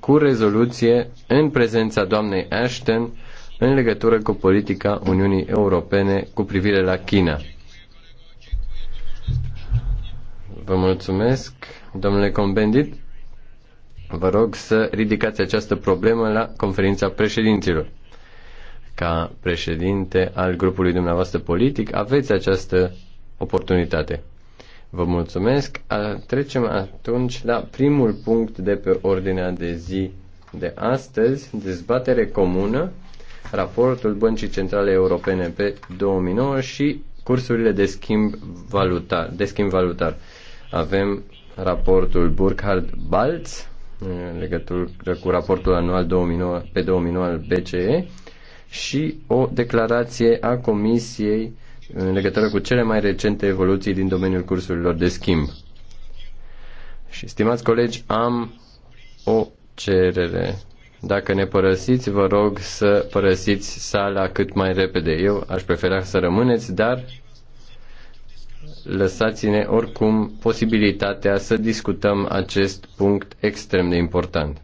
cu rezoluție în prezența doamnei Ashton în legătură cu politica Uniunii Europene cu privire la China. Vă mulțumesc, domnule Combendit. Vă rog să ridicați această problemă la conferința președinților. Ca președinte al grupului dumneavoastră politic, aveți această oportunitate. Vă mulțumesc. Trecem atunci la primul punct de pe ordinea de zi de astăzi, dezbatere comună, raportul Băncii Centrale Europene pe 2009 și cursurile de schimb valutar. De schimb valutar. Avem raportul Burkhard Balz în legătură cu raportul anual 2009, pe 2009 al BCE și o declarație a Comisiei în legătură cu cele mai recente evoluții din domeniul cursurilor de schimb. Și, stimați colegi, am o cerere. Dacă ne părăsiți, vă rog să părăsiți sala cât mai repede. Eu aș prefera să rămâneți, dar lăsați-ne oricum posibilitatea să discutăm acest punct extrem de important.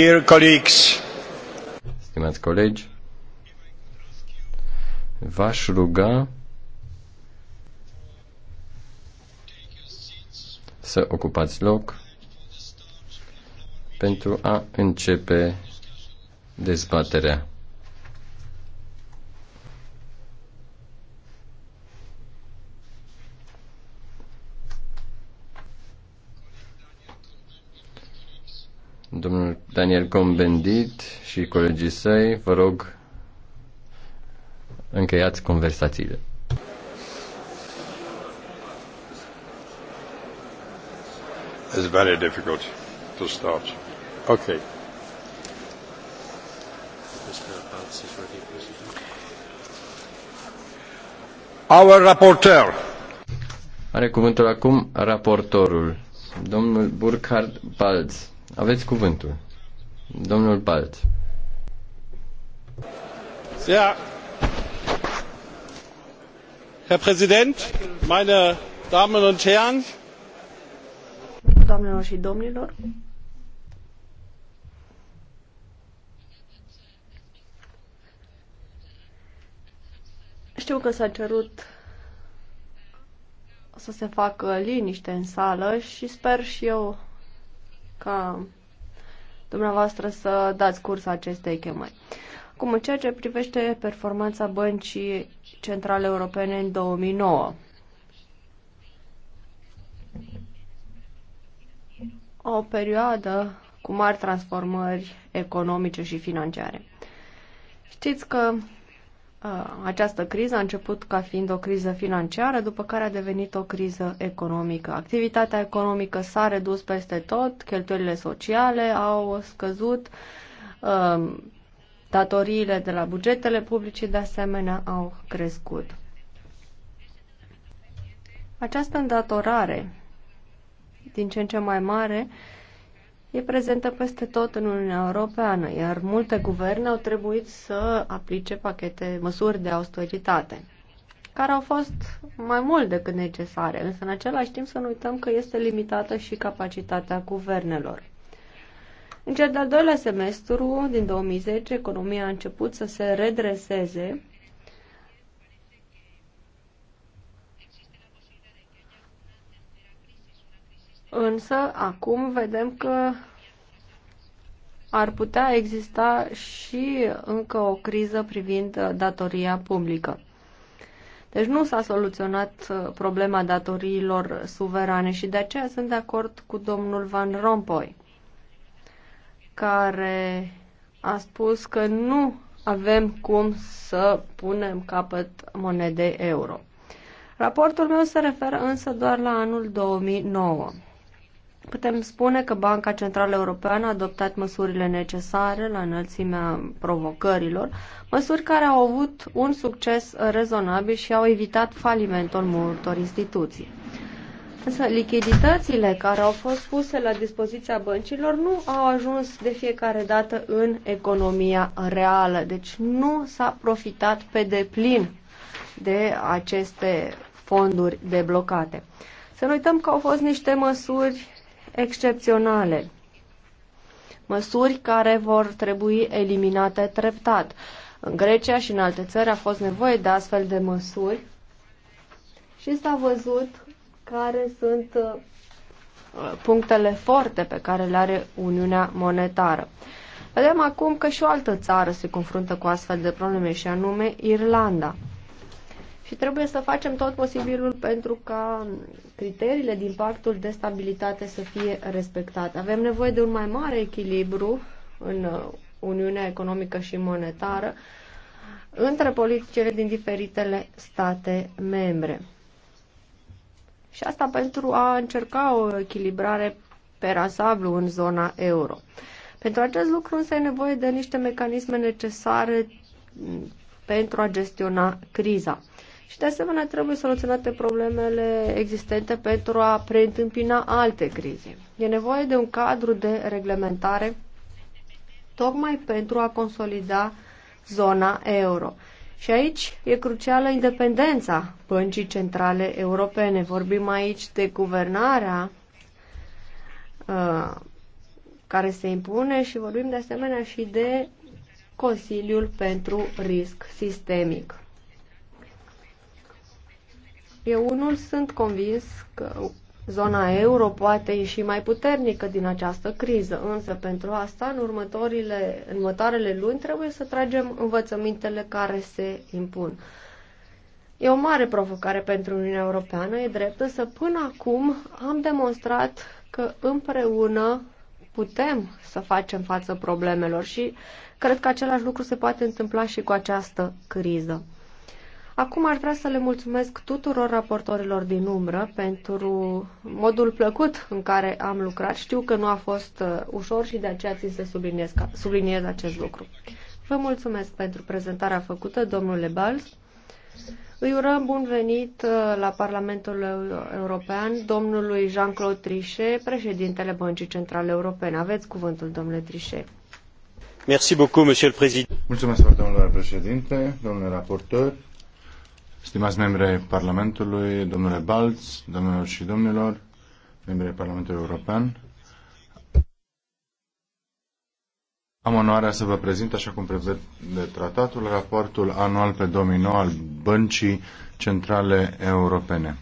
Dear colleagues, Stimați colegi, v-aș ruga să ocupați loc pentru a începe dezbaterea. Daniel Combendit și colegii săi, vă rog, încheiați conversațiile. It's very difficult to start. Okay. Our rapporteur. Are cuvântul acum raportorul, domnul Burkhard Balz. Aveți cuvântul. Domnul Balt. Sehr. Herr Präsident, meine Damen und Herren. Doamnelor și domnilor. Știu că s-a cerut să se facă liniște în sală și sper și eu ca dumneavoastră să dați curs acestei chemări. Cum în ceea ce privește performanța Băncii Centrale Europene în 2009, o perioadă cu mari transformări economice și financiare. Știți că această criză a început ca fiind o criză financiară, după care a devenit o criză economică. Activitatea economică s-a redus peste tot, cheltuielile sociale au scăzut, datoriile de la bugetele publice de asemenea au crescut. Această îndatorare din ce în ce mai mare e prezentă peste tot în Uniunea Europeană, iar multe guverne au trebuit să aplice pachete măsuri de austeritate, care au fost mai mult decât necesare, însă în același timp să nu uităm că este limitată și capacitatea guvernelor. În cel de-al doilea semestru din 2010, economia a început să se redreseze, Însă, acum vedem că ar putea exista și încă o criză privind uh, datoria publică. Deci nu s-a soluționat uh, problema datoriilor suverane și de aceea sunt de acord cu domnul Van Rompuy, care a spus că nu avem cum să punem capăt monedei euro. Raportul meu se referă însă doar la anul 2009. Putem spune că Banca Centrală Europeană a adoptat măsurile necesare la înălțimea provocărilor, măsuri care au avut un succes rezonabil și au evitat falimentul multor instituții. Însă lichiditățile care au fost puse la dispoziția băncilor nu au ajuns de fiecare dată în economia reală, deci nu s-a profitat pe deplin de aceste fonduri deblocate. Să nu uităm că au fost niște măsuri excepționale, măsuri care vor trebui eliminate treptat. În Grecia și în alte țări a fost nevoie de astfel de măsuri și s-a văzut care sunt uh, punctele forte pe care le are Uniunea Monetară. Vedem acum că și o altă țară se confruntă cu astfel de probleme, și anume Irlanda și trebuie să facem tot posibilul pentru ca criteriile din pactul de stabilitate să fie respectate. Avem nevoie de un mai mare echilibru în uh, Uniunea Economică și Monetară între politicile din diferitele state membre. Și asta pentru a încerca o echilibrare per în zona euro. Pentru acest lucru însă e nevoie de niște mecanisme necesare pentru a gestiona criza. Și de asemenea trebuie soluționate problemele existente pentru a preîntâmpina alte crize. E nevoie de un cadru de reglementare tocmai pentru a consolida zona euro. Și aici e crucială independența băncii centrale europene. Vorbim aici de guvernarea uh, care se impune și vorbim de asemenea și de Consiliul pentru Risc Sistemic. Eu unul sunt convins că zona euro poate ieși mai puternică din această criză, însă pentru asta, în, următorile, în următoarele luni, trebuie să tragem învățămintele care se impun. E o mare provocare pentru Uniunea Europeană, e drept, însă până acum am demonstrat că împreună putem să facem față problemelor și cred că același lucru se poate întâmpla și cu această criză. Acum ar vrea să le mulțumesc tuturor raportorilor din umbră pentru modul plăcut în care am lucrat. Știu că nu a fost uh, ușor și de aceea țin să subliniez, subliniez acest lucru. Vă mulțumesc pentru prezentarea făcută, domnule Bals. Îi urăm bun venit uh, la Parlamentul European domnului Jean-Claude Trichet, președintele Băncii Centrale Europene. Aveți cuvântul, domnule Trichet. Merci beaucoup, monsieur le président. Mulțumesc, domnule președinte, domnule raportor. Stimați membri ai Parlamentului, domnule Balț, domnilor și domnilor, membri ai Parlamentului European, am onoarea să vă prezint, așa cum prevede tratatul, raportul anual pe 2009 al Băncii Centrale Europene.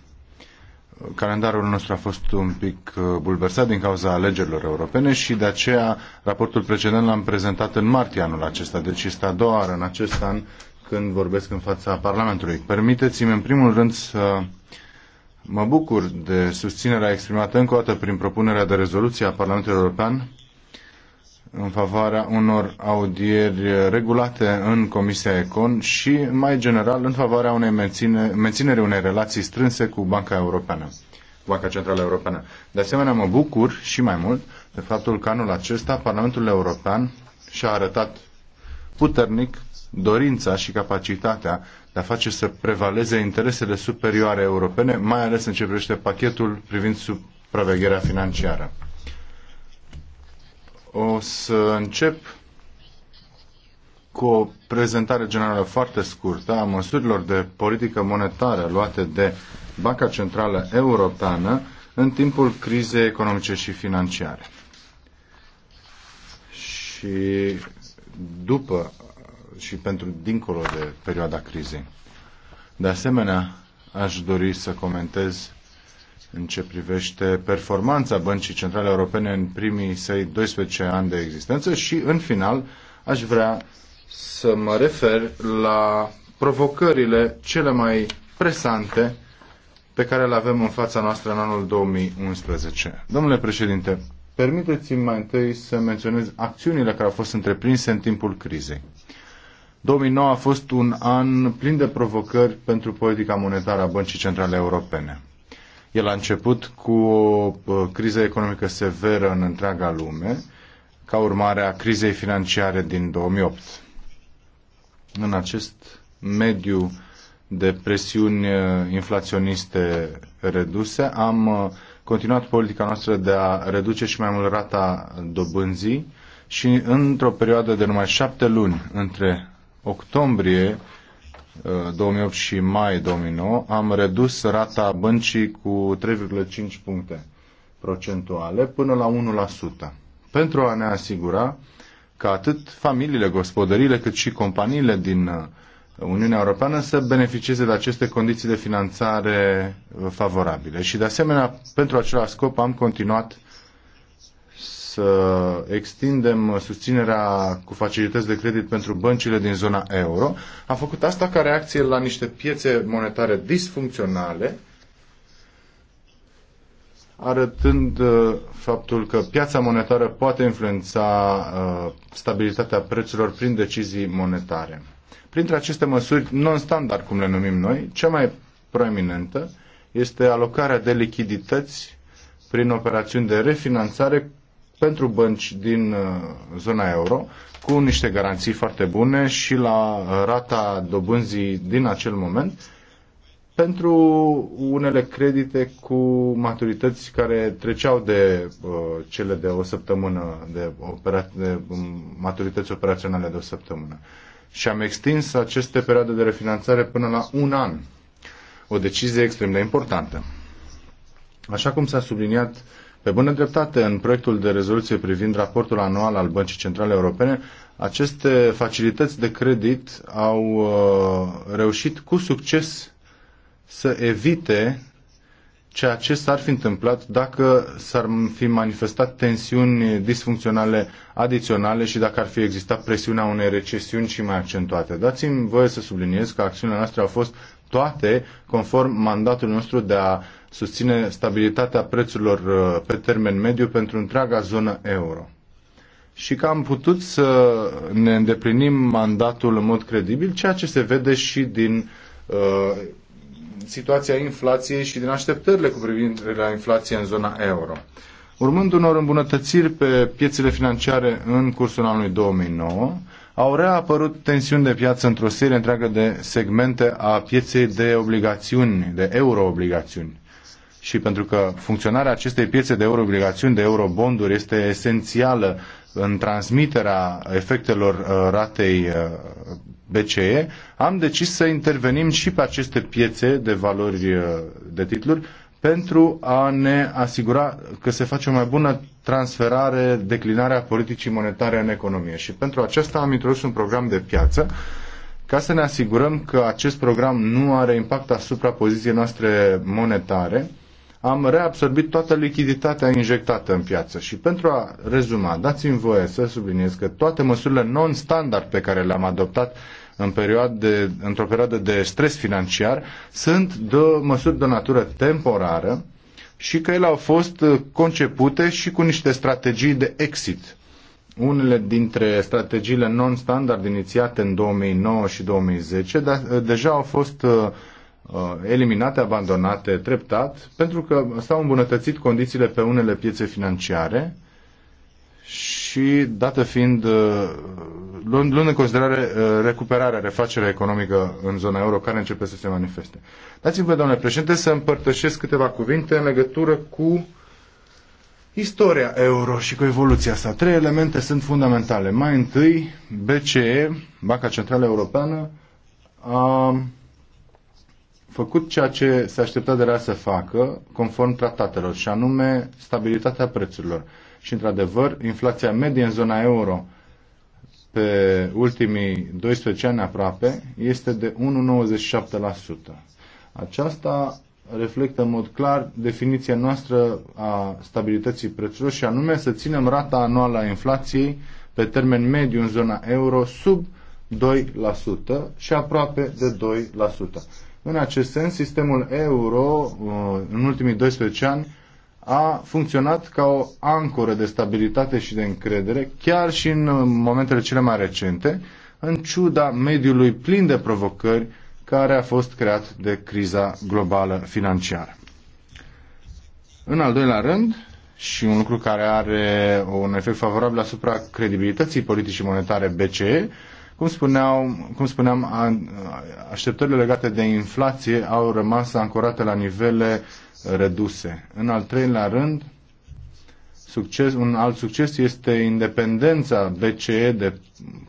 Calendarul nostru a fost un pic uh, bulversat din cauza alegerilor europene și de aceea raportul precedent l-am prezentat în martie anul acesta, deci este a doua oară în acest an când vorbesc în fața Parlamentului. Permiteți-mi în primul rând să mă bucur de susținerea exprimată încă o dată prin propunerea de rezoluție a Parlamentului European în favoarea unor audieri regulate în Comisia Econ și, mai general, în favoarea unei menține, menținere unei relații strânse cu Banca Europeană, Banca Centrală Europeană. De asemenea, mă bucur și mai mult de faptul că anul acesta Parlamentul European și-a arătat puternic dorința și capacitatea de a face să prevaleze interesele superioare europene, mai ales în ce privește pachetul privind supravegherea financiară. O să încep cu o prezentare generală foarte scurtă a măsurilor de politică monetară luate de Banca Centrală Europeană în timpul crizei economice și financiare. Și după și pentru dincolo de perioada crizei. De asemenea, aș dori să comentez în ce privește performanța Băncii Centrale Europene în primii săi 12 ani de existență și, în final, aș vrea să mă refer la provocările cele mai presante pe care le avem în fața noastră în anul 2011. Domnule președinte, Permiteți-mi mai întâi să menționez acțiunile care au fost întreprinse în timpul crizei. 2009 a fost un an plin de provocări pentru politica monetară a Băncii Centrale Europene. El a început cu o uh, criză economică severă în întreaga lume, ca urmare a crizei financiare din 2008. În acest mediu de presiuni uh, inflaționiste reduse, am uh, continuat politica noastră de a reduce și mai mult rata dobânzii și într-o perioadă de numai șapte luni între octombrie 2008 uh, și mai 2009 am redus rata băncii cu 3,5 puncte procentuale până la 1% pentru a ne asigura că atât familiile, gospodăriile, cât și companiile din uh, Uniunea Europeană să beneficieze de aceste condiții de finanțare favorabile. Și de asemenea, pentru același scop am continuat să extindem susținerea cu facilități de credit pentru băncile din zona euro. Am făcut asta ca reacție la niște piețe monetare disfuncționale, arătând uh, faptul că piața monetară poate influența uh, stabilitatea prețurilor prin decizii monetare. Printre aceste măsuri non-standard, cum le numim noi, cea mai proeminentă este alocarea de lichidități prin operațiuni de refinanțare pentru bănci din uh, zona euro, cu niște garanții foarte bune și la uh, rata dobânzii din acel moment, pentru unele credite cu maturități care treceau de uh, cele de o săptămână, de, opera- de um, maturități operaționale de o săptămână. Uh, și am extins aceste perioade de refinanțare până la un an. O decizie extrem de importantă. Așa cum s-a subliniat pe bună dreptate în proiectul de rezoluție privind raportul anual al Băncii Centrale Europene, aceste facilități de credit au uh, reușit cu succes să evite ceea ce s-ar fi întâmplat dacă s-ar fi manifestat tensiuni disfuncționale adiționale și dacă ar fi existat presiunea unei recesiuni și mai accentuate. Dați-mi voie să subliniez că acțiunile noastre au fost toate conform mandatului nostru de a susține stabilitatea prețurilor uh, pe termen mediu pentru întreaga zonă euro. Și că am putut să ne îndeplinim mandatul în mod credibil, ceea ce se vede și din uh, situația inflației și din așteptările cu privire la inflație în zona euro. Urmând unor îmbunătățiri pe piețele financiare în cursul anului 2009, au reapărut tensiuni de piață într-o serie întreagă de segmente a pieței de obligațiuni, de euroobligațiuni. Și pentru că funcționarea acestei piețe de euroobligațiuni, de eurobonduri, este esențială în transmiterea efectelor uh, ratei uh, BCE, am decis să intervenim și pe aceste piețe de valori uh, de titluri pentru a ne asigura că se face o mai bună transferare, declinarea politicii monetare în economie. Și pentru aceasta am introdus un program de piață ca să ne asigurăm că acest program nu are impact asupra poziției noastre monetare am reabsorbit toată lichiditatea injectată în piață. Și pentru a rezuma, dați-mi voie să subliniez că toate măsurile non-standard pe care le-am adoptat în perioade, într-o perioadă de stres financiar sunt de măsuri de natură temporară și că ele au fost concepute și cu niște strategii de exit. Unele dintre strategiile non-standard inițiate în 2009 și 2010 de- deja au fost uh, Uh, eliminate, abandonate treptat, pentru că s-au îmbunătățit condițiile pe unele piețe financiare și dată fiind, uh, luând, luând în considerare uh, recuperarea, refacerea economică în zona euro care începe să se manifeste. Dați-mi domnule președinte, să împărtășesc câteva cuvinte în legătură cu istoria euro și cu evoluția sa. Trei elemente sunt fundamentale. Mai întâi, BCE, Banca Centrală Europeană, a făcut ceea ce se aștepta de la să facă, conform tratatelor, și anume stabilitatea prețurilor. Și, într-adevăr, inflația medie în zona euro pe ultimii 12 ani aproape este de 1,97%. Aceasta reflectă în mod clar definiția noastră a stabilității prețurilor și anume să ținem rata anuală a inflației pe termen mediu în zona euro sub 2% și aproape de 2%. În acest sens, sistemul euro uh, în ultimii 12 ani a funcționat ca o ancoră de stabilitate și de încredere, chiar și în uh, momentele cele mai recente, în ciuda mediului plin de provocări care a fost creat de criza globală financiară. În al doilea rând, și un lucru care are un efect favorabil asupra credibilității politicii monetare BCE, cum, spuneau, cum spuneam, așteptările legate de inflație au rămas ancorate la nivele reduse. În al treilea rând, succes, un alt succes este independența BCE de,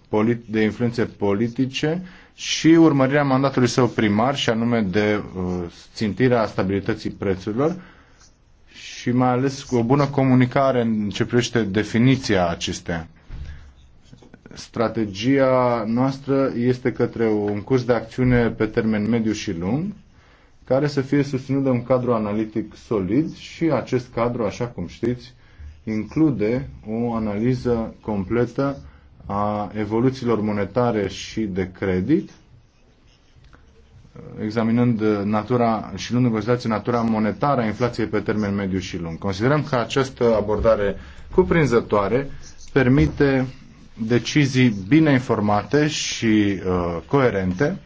polit, de influențe politice și urmărirea mandatului său primar și anume de uh, țintirea stabilității prețurilor și mai ales o bună comunicare în ce privește definiția acestea strategia noastră este către un curs de acțiune pe termen mediu și lung, care să fie susținut de un cadru analitic solid și acest cadru, așa cum știți, include o analiză completă a evoluțiilor monetare și de credit, examinând natura și luând în considerație natura monetară a inflației pe termen mediu și lung. Considerăm că această abordare cuprinzătoare permite decizii bine informate și uh, coerente,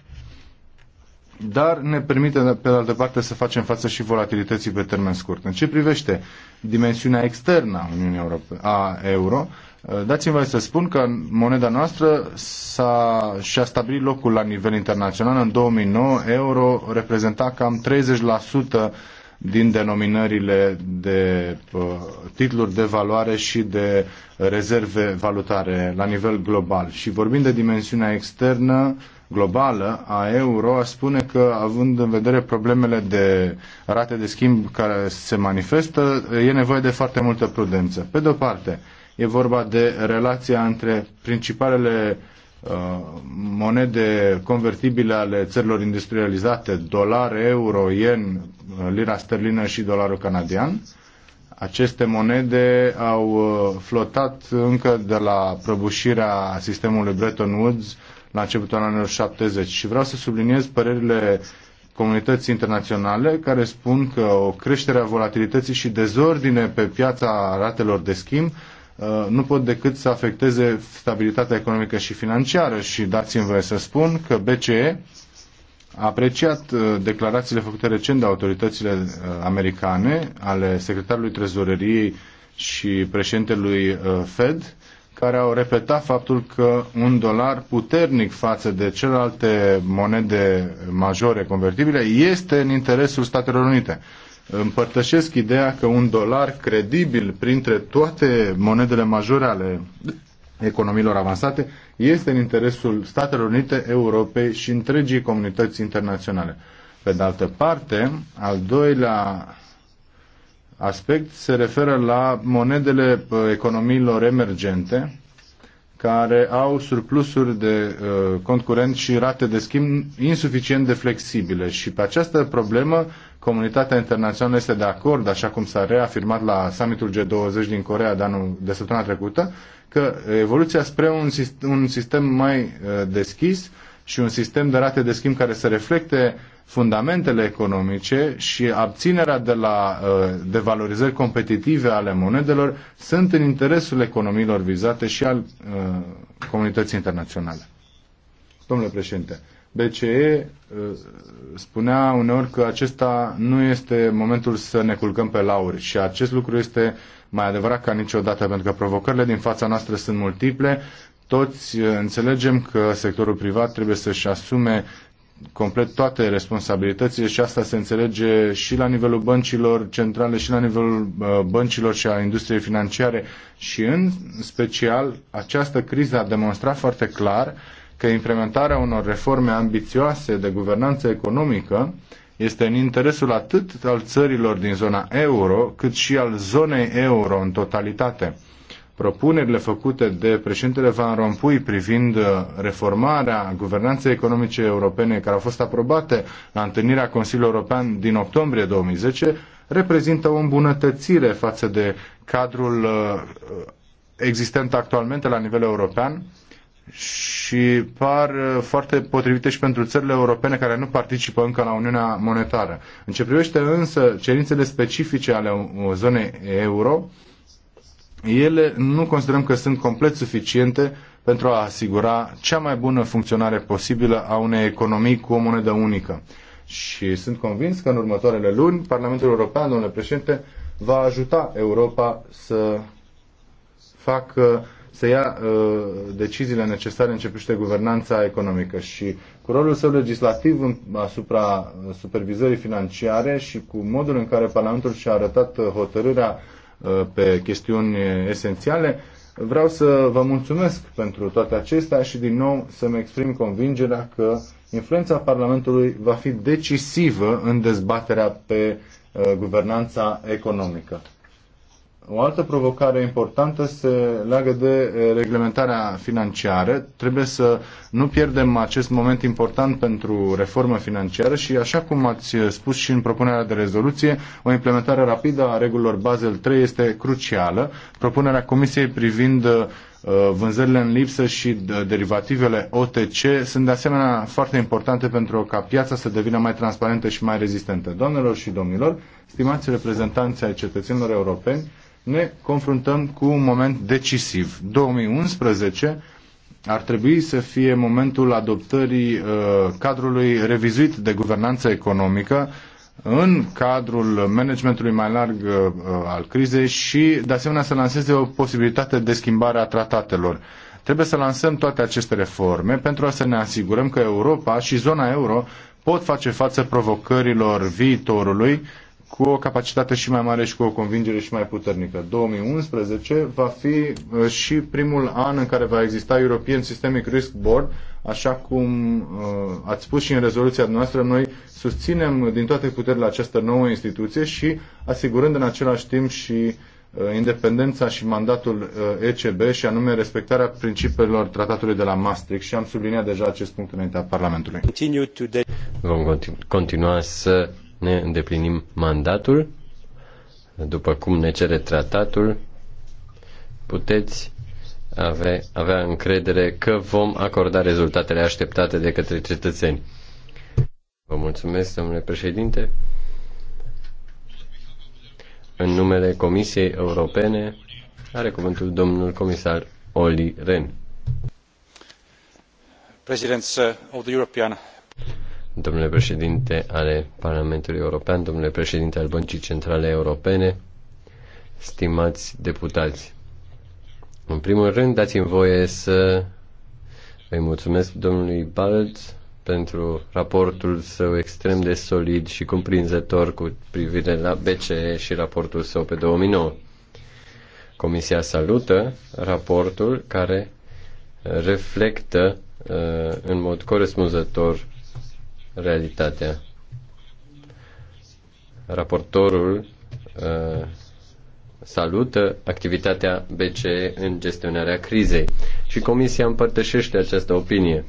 dar ne permite, pe de altă parte, să facem față și volatilității pe termen scurt. În ce privește dimensiunea externă a Uniunii Europe, a euro, uh, Dați-mi voie să spun că moneda noastră s-a, și-a stabilit locul la nivel internațional. În 2009, euro reprezenta cam 30% din denominările de uh, titluri de valoare și de rezerve valutare la nivel global. Și vorbind de dimensiunea externă, globală a euro aș spune că, având în vedere problemele de rate de schimb care se manifestă, e nevoie de foarte multă prudență. Pe de o parte, e vorba de relația între principalele uh, monede convertibile ale țărilor industrializate, dolar, euro, yen, lira sterlină și dolarul canadian. Aceste monede au uh, flotat încă de la prăbușirea sistemului Bretton Woods la începutul anilor 70 și vreau să subliniez părerile comunității internaționale care spun că o creștere a volatilității și dezordine pe piața ratelor de schimb Uh, nu pot decât să afecteze stabilitatea economică și financiară și dați-mi voie să spun că BCE a apreciat uh, declarațiile făcute recent de autoritățile uh, americane ale secretarului trezoreriei și președintelui Fed care au repetat faptul că un dolar puternic față de celelalte monede majore convertibile este în interesul Statelor Unite împărtășesc ideea că un dolar credibil printre toate monedele majore ale economiilor avansate este în interesul Statelor Unite, Europei și întregii comunități internaționale. Pe de altă parte, al doilea aspect se referă la monedele uh, economiilor emergente care au surplusuri de uh, cont curent și rate de schimb insuficient de flexibile și pe această problemă comunitatea internațională este de acord, așa cum s-a reafirmat la summitul G20 din Corea de, anul, de săptămâna trecută, că evoluția spre un, un sistem mai uh, deschis și un sistem de rate de schimb care să reflecte fundamentele economice și abținerea de la uh, devalorizări competitive ale monedelor sunt în interesul economiilor vizate și al uh, comunității internaționale. Domnule președinte, BCE uh, spunea uneori că acesta nu este momentul să ne culcăm pe lauri și acest lucru este mai adevărat ca niciodată, pentru că provocările din fața noastră sunt multiple. Toți uh, înțelegem că sectorul privat trebuie să-și asume complet toate responsabilitățile și asta se înțelege și la nivelul băncilor centrale și la nivelul uh, băncilor și a industriei financiare și în special această criză a demonstrat foarte clar că implementarea unor reforme ambițioase de guvernanță economică este în interesul atât al țărilor din zona euro, cât și al zonei euro în totalitate. Propunerile făcute de președintele Van Rompuy privind uh, reformarea guvernanței economice europene care au fost aprobate la întâlnirea Consiliului European din octombrie 2010 reprezintă o îmbunătățire față de cadrul uh, existent actualmente la nivel european și par uh, foarte potrivite și pentru țările europene care nu participă încă la Uniunea Monetară. În ce privește însă cerințele specifice ale zonei euro, ele nu considerăm că sunt complet suficiente pentru a asigura cea mai bună funcționare posibilă a unei economii cu o monedă unică. Și sunt convins că în următoarele luni Parlamentul European, domnule președinte, va ajuta Europa să facă să ia uh, deciziile necesare în ce privește guvernanța economică și cu rolul său legislativ în, asupra supervizării financiare și cu modul în care Parlamentul și-a arătat uh, hotărârea uh, pe chestiuni esențiale, vreau să vă mulțumesc pentru toate acestea și din nou să-mi exprim convingerea că influența Parlamentului va fi decisivă în dezbaterea pe uh, guvernanța economică. O altă provocare importantă se leagă de eh, reglementarea financiară. Trebuie să nu pierdem acest moment important pentru reformă financiară și, așa cum ați eh, spus și în propunerea de rezoluție, o implementare rapidă a regulilor Basel III este crucială. Propunerea Comisiei privind eh, vânzările în lipsă și derivativele OTC sunt de asemenea foarte importante pentru ca piața să devină mai transparentă și mai rezistentă. Doamnelor și domnilor, stimați reprezentanți ai cetățenilor europeni, ne confruntăm cu un moment decisiv. 2011 ar trebui să fie momentul adoptării uh, cadrului revizuit de guvernanță economică în cadrul managementului mai larg uh, uh, al crizei și, de asemenea, să lanseze o posibilitate de schimbare a tratatelor. Trebuie să lansăm toate aceste reforme pentru a să ne asigurăm că Europa și zona euro pot face față provocărilor viitorului cu o capacitate și mai mare și cu o convingere și mai puternică. 2011 va fi uh, și primul an în care va exista European Systemic Risk Board, așa cum uh, ați spus și în rezoluția noastră, noi susținem din toate puterile această nouă instituție și asigurând în același timp și uh, independența și mandatul uh, ECB și anume respectarea principiilor tratatului de la Maastricht și am subliniat deja acest punct înaintea Parlamentului. Vom continua să ne îndeplinim mandatul, după cum ne cere tratatul, puteți avea, avea încredere că vom acorda rezultatele așteptate de către cetățeni. Vă mulțumesc, domnule președinte. În numele Comisiei Europene are cuvântul domnul comisar Oli Ren. Presidents of the European domnule președinte ale Parlamentului European, domnule președinte al Băncii Centrale Europene, stimați deputați. În primul rând, dați-mi voie să îi mulțumesc domnului Balz pentru raportul său extrem de solid și cuprinzător cu privire la BCE și raportul său pe 2009. Comisia salută raportul care reflectă uh, în mod corespunzător realitatea. Raportorul uh, salută activitatea BCE în gestionarea crizei și Comisia împărtășește această opinie.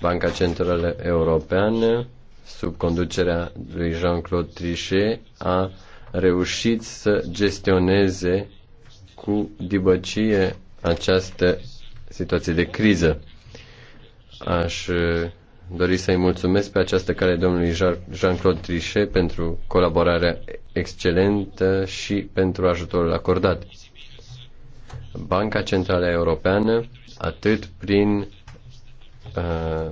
Banca Centrală Europeană, sub conducerea lui Jean-Claude Trichet, a reușit să gestioneze cu dibăcie această situație de criză. Aș uh, dori să-i mulțumesc pe această cale domnului Jean-Claude Trichet pentru colaborarea excelentă și pentru ajutorul acordat. Banca Centrală Europeană, atât prin uh,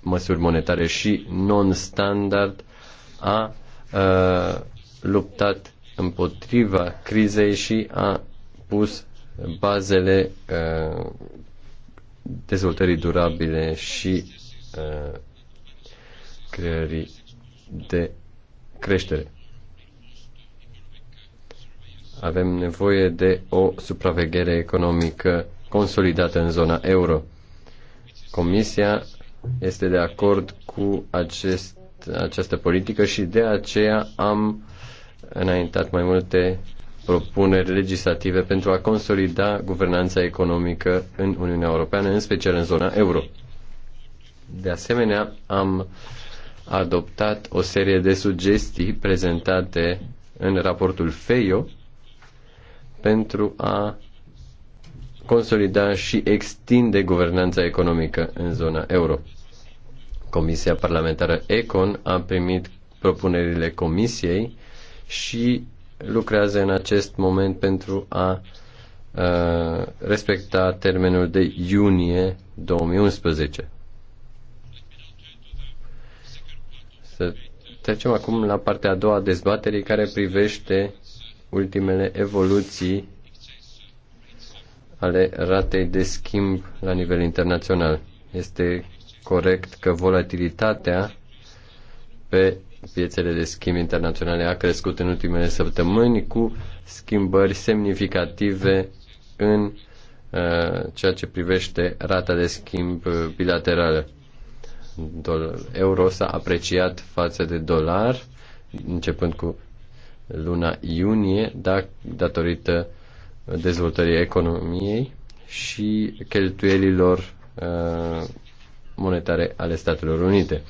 măsuri monetare și non-standard, a uh, luptat împotriva crizei și a pus bazele uh, dezvoltării durabile și uh, creării de creștere. Avem nevoie de o supraveghere economică consolidată în zona euro. Comisia este de acord cu acest, această politică și de aceea am înaintat mai multe propuneri legislative pentru a consolida guvernanța economică în Uniunea Europeană, în special în zona euro. De asemenea, am adoptat o serie de sugestii prezentate în raportul FEIO pentru a consolida și extinde guvernanța economică în zona euro. Comisia Parlamentară Econ a primit propunerile Comisiei și lucrează în acest moment pentru a uh, respecta termenul de iunie 2011. Să trecem acum la partea a doua a dezbaterii care privește ultimele evoluții ale ratei de schimb la nivel internațional. Este corect că volatilitatea pe piețele de schimb internaționale a crescut în ultimele săptămâni cu schimbări semnificative în uh, ceea ce privește rata de schimb bilaterală. Euro s-a apreciat față de dolar începând cu luna iunie da, datorită dezvoltării economiei și cheltuielilor uh, monetare ale Statelor Unite.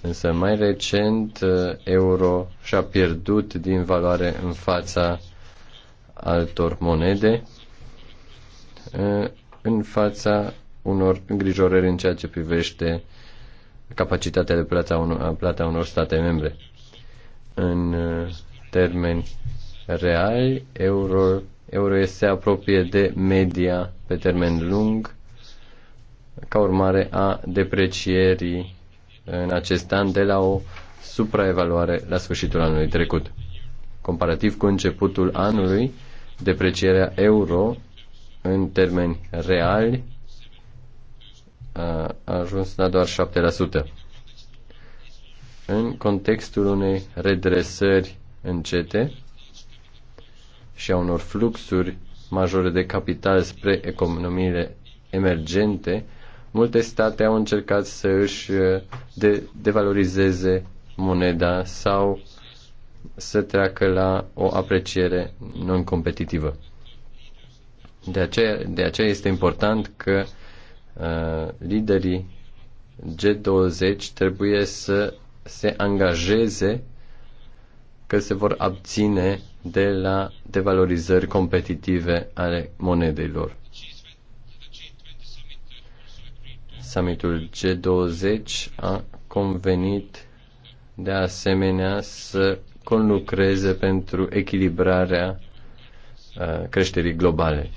Însă mai recent uh, euro și-a pierdut din valoare în fața altor monede, uh, în fața unor îngrijorări în ceea ce privește capacitatea de plată a unor, plata unor state membre. În uh, termeni reali, euro, euro este apropie de media pe termen lung ca urmare a deprecierii în acest an de la o supraevaluare la sfârșitul anului trecut. Comparativ cu începutul anului, deprecierea euro în termeni reali a ajuns la doar 7%. În contextul unei redresări încete și a unor fluxuri majore de capital spre economiile emergente, Multe state au încercat să își uh, de- devalorizeze moneda sau să treacă la o apreciere non-competitivă. De aceea, de aceea este important că uh, liderii G20 trebuie să se angajeze că se vor abține de la devalorizări competitive ale monedei lor. Summitul G20 a convenit de asemenea să conlucreze pentru echilibrarea uh, creșterii globale.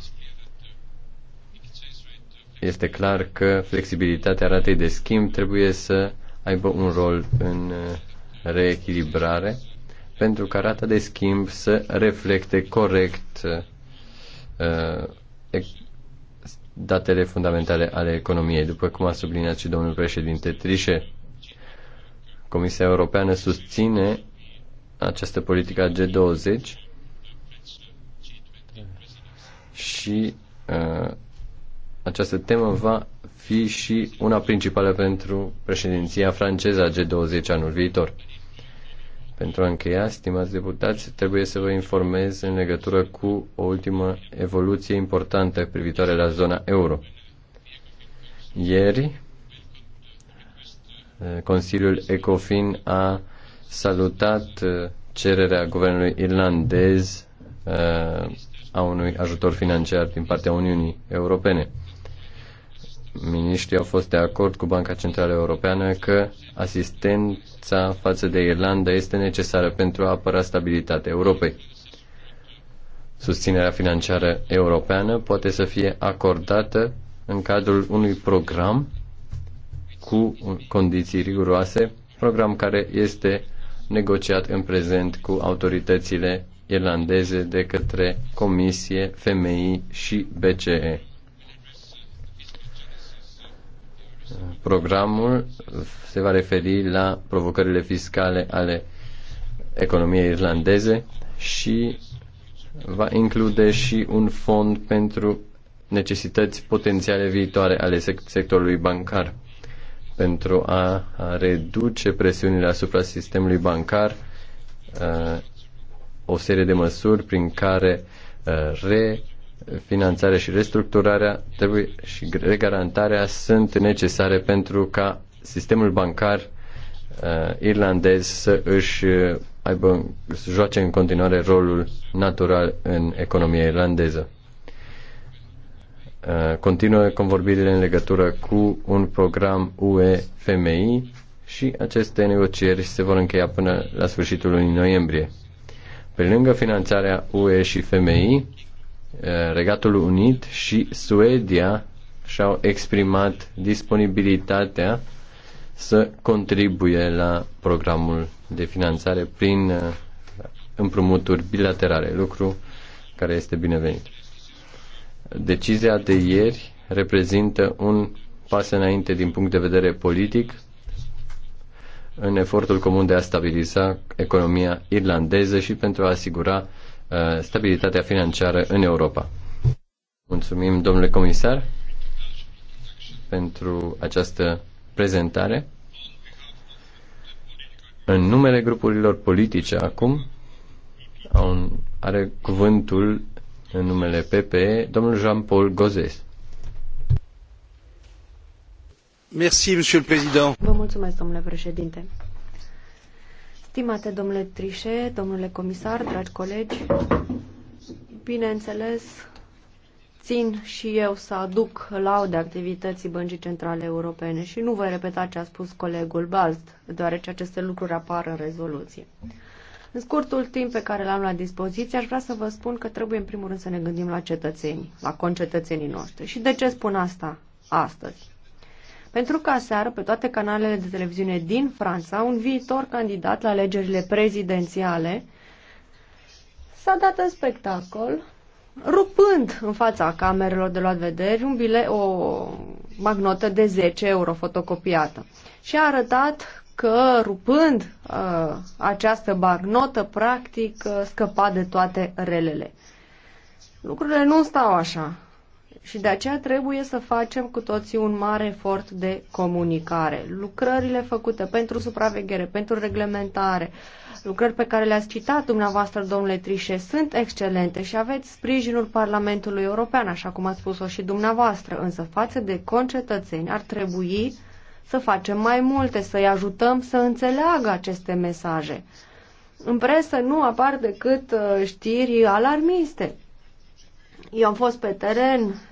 Este clar că flexibilitatea ratei de schimb trebuie să aibă un rol în uh, reechilibrare pentru ca rata de schimb să reflecte corect uh, datele fundamentale ale economiei, după cum a subliniat și domnul președinte Trișe. Comisia Europeană susține această politică a G20 și uh, această temă va fi și una principală pentru președinția franceză a G20 anul viitor. Pentru a încheia, stimați deputați, trebuie să vă informez în legătură cu o ultimă evoluție importantă privitoare la zona euro. Ieri, eh, Consiliul ECOFIN a salutat eh, cererea guvernului irlandez eh, a unui ajutor financiar din partea Uniunii Europene miniștrii au fost de acord cu Banca Centrală Europeană că asistența față de Irlanda este necesară pentru a apăra stabilitatea Europei. Susținerea financiară europeană poate să fie acordată în cadrul unui program cu condiții riguroase, program care este negociat în prezent cu autoritățile irlandeze de către Comisie, FMI și BCE. Programul se va referi la provocările fiscale ale economiei irlandeze și va include și un fond pentru necesități potențiale viitoare ale sectorului bancar pentru a, reduce presiunile asupra sistemului bancar uh, o serie de măsuri prin care uh, re finanțarea și restructurarea trebuie și regarantarea sunt necesare pentru ca sistemul bancar uh, irlandez să își uh, aibă, să joace în continuare rolul natural în economia irlandeză. Uh, continuă convorbirile în legătură cu un program UE-FMI și aceste negocieri se vor încheia până la sfârșitul lunii noiembrie. Pe lângă finanțarea UE și FMI, Eh, Regatul Unit și Suedia și-au exprimat disponibilitatea să contribuie la programul de finanțare prin eh, împrumuturi bilaterale, lucru care este binevenit. Decizia de ieri reprezintă un pas înainte din punct de vedere politic în efortul comun de a stabiliza economia irlandeză și pentru a asigura Uh, stabilitatea financiară în Europa. Mulțumim, domnule comisar, pentru această prezentare. În numele grupurilor politice acum are cuvântul în numele PPE domnul Jean-Paul Gozes. Merci, Vă mulțumesc, domnule președinte. Stimate domnule Trișe, domnule comisar, dragi colegi, bineînțeles, țin și eu să aduc laude activității Băncii Centrale Europene și nu voi repeta ce a spus colegul Balst, deoarece aceste lucruri apar în rezoluție. În scurtul timp pe care l-am la dispoziție, aș vrea să vă spun că trebuie în primul rând să ne gândim la cetățeni, la concetățenii noștri. Și de ce spun asta astăzi? pentru că aseară pe toate canalele de televiziune din Franța un viitor candidat la alegerile prezidențiale s-a dat în spectacol rupând în fața camerelor de luat vederi un bilet, o magnotă de 10 euro fotocopiată și a arătat că rupând uh, această bagnotă, practic uh, scăpa de toate relele. Lucrurile nu stau așa. Și de aceea trebuie să facem cu toții un mare efort de comunicare. Lucrările făcute pentru supraveghere, pentru reglementare, lucrări pe care le-ați citat dumneavoastră, domnule Trișe, sunt excelente și aveți sprijinul Parlamentului European, așa cum ați spus-o și dumneavoastră, însă față de concetățeni ar trebui să facem mai multe, să-i ajutăm să înțeleagă aceste mesaje. În presă nu apar decât uh, știri alarmiste. Eu am fost pe teren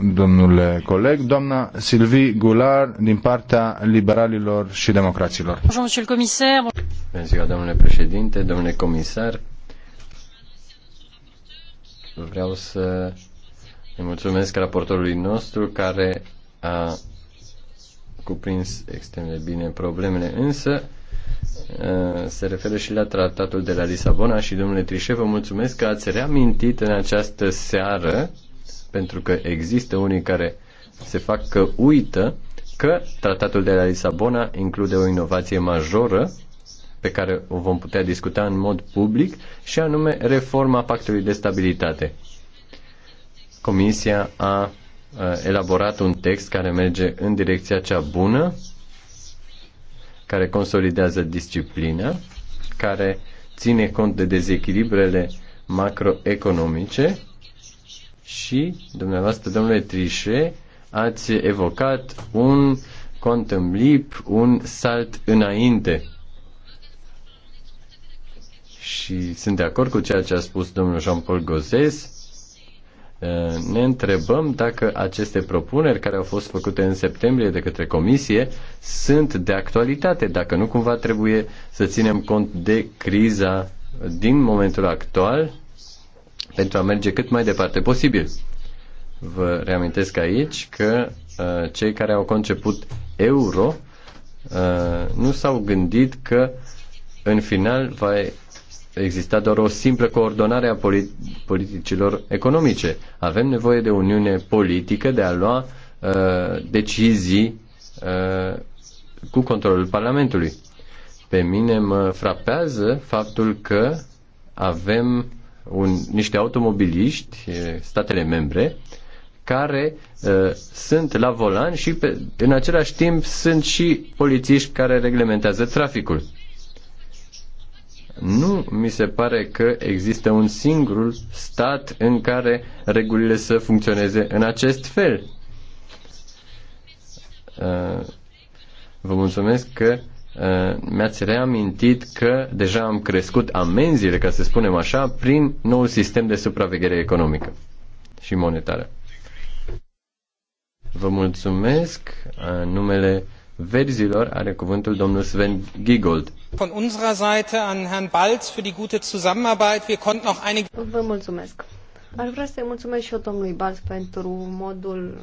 domnule coleg. Doamna Sylvie Goulard, din partea liberalilor și democraților. Bună ziua, domnule președinte, domnule comisar. Vreau să îi mulțumesc raportorului nostru care a cuprins extrem de bine problemele, însă se referă și la tratatul de la Lisabona și domnule Trichet vă mulțumesc că ați reamintit în această seară pentru că există unii care se fac că uită că tratatul de la Lisabona include o inovație majoră pe care o vom putea discuta în mod public și anume reforma pactului de stabilitate. Comisia a elaborat un text care merge în direcția cea bună, care consolidează disciplina, care ține cont de dezechilibrele macroeconomice și dumneavoastră, domnule Trișe, ați evocat un contemplip, un salt înainte. Și sunt de acord cu ceea ce a spus domnul Jean-Paul Gozes. Uh, ne întrebăm dacă aceste propuneri care au fost făcute în septembrie de către comisie sunt de actualitate, dacă nu cumva trebuie să ținem cont de criza din momentul actual pentru a merge cât mai departe posibil. Vă reamintesc aici că uh, cei care au conceput euro uh, nu s-au gândit că în final va exista doar o simplă coordonare a polit- politicilor economice. Avem nevoie de uniune politică de a lua uh, decizii uh, cu controlul Parlamentului. Pe mine mă frapează faptul că avem un, niște automobiliști, statele membre, care uh, sunt la volan și pe, în același timp sunt și polițiști care reglementează traficul. Nu mi se pare că există un singur stat în care regulile să funcționeze în acest fel. Uh, vă mulțumesc că Eh, mi-ați reamintit că deja am crescut amenziile, ca să spunem așa, prin noul sistem de supraveghere economică și monetară. Vă mulțumesc. Numele Verzilor are cuvântul domnul Sven Gigold. Von unserer Seite an Herrn Balz für die gute Zusammenarbeit. Wir konnten auch einige Vă mulțumesc. Aș vrea să-i mulțumesc și eu domnului Balz pentru modul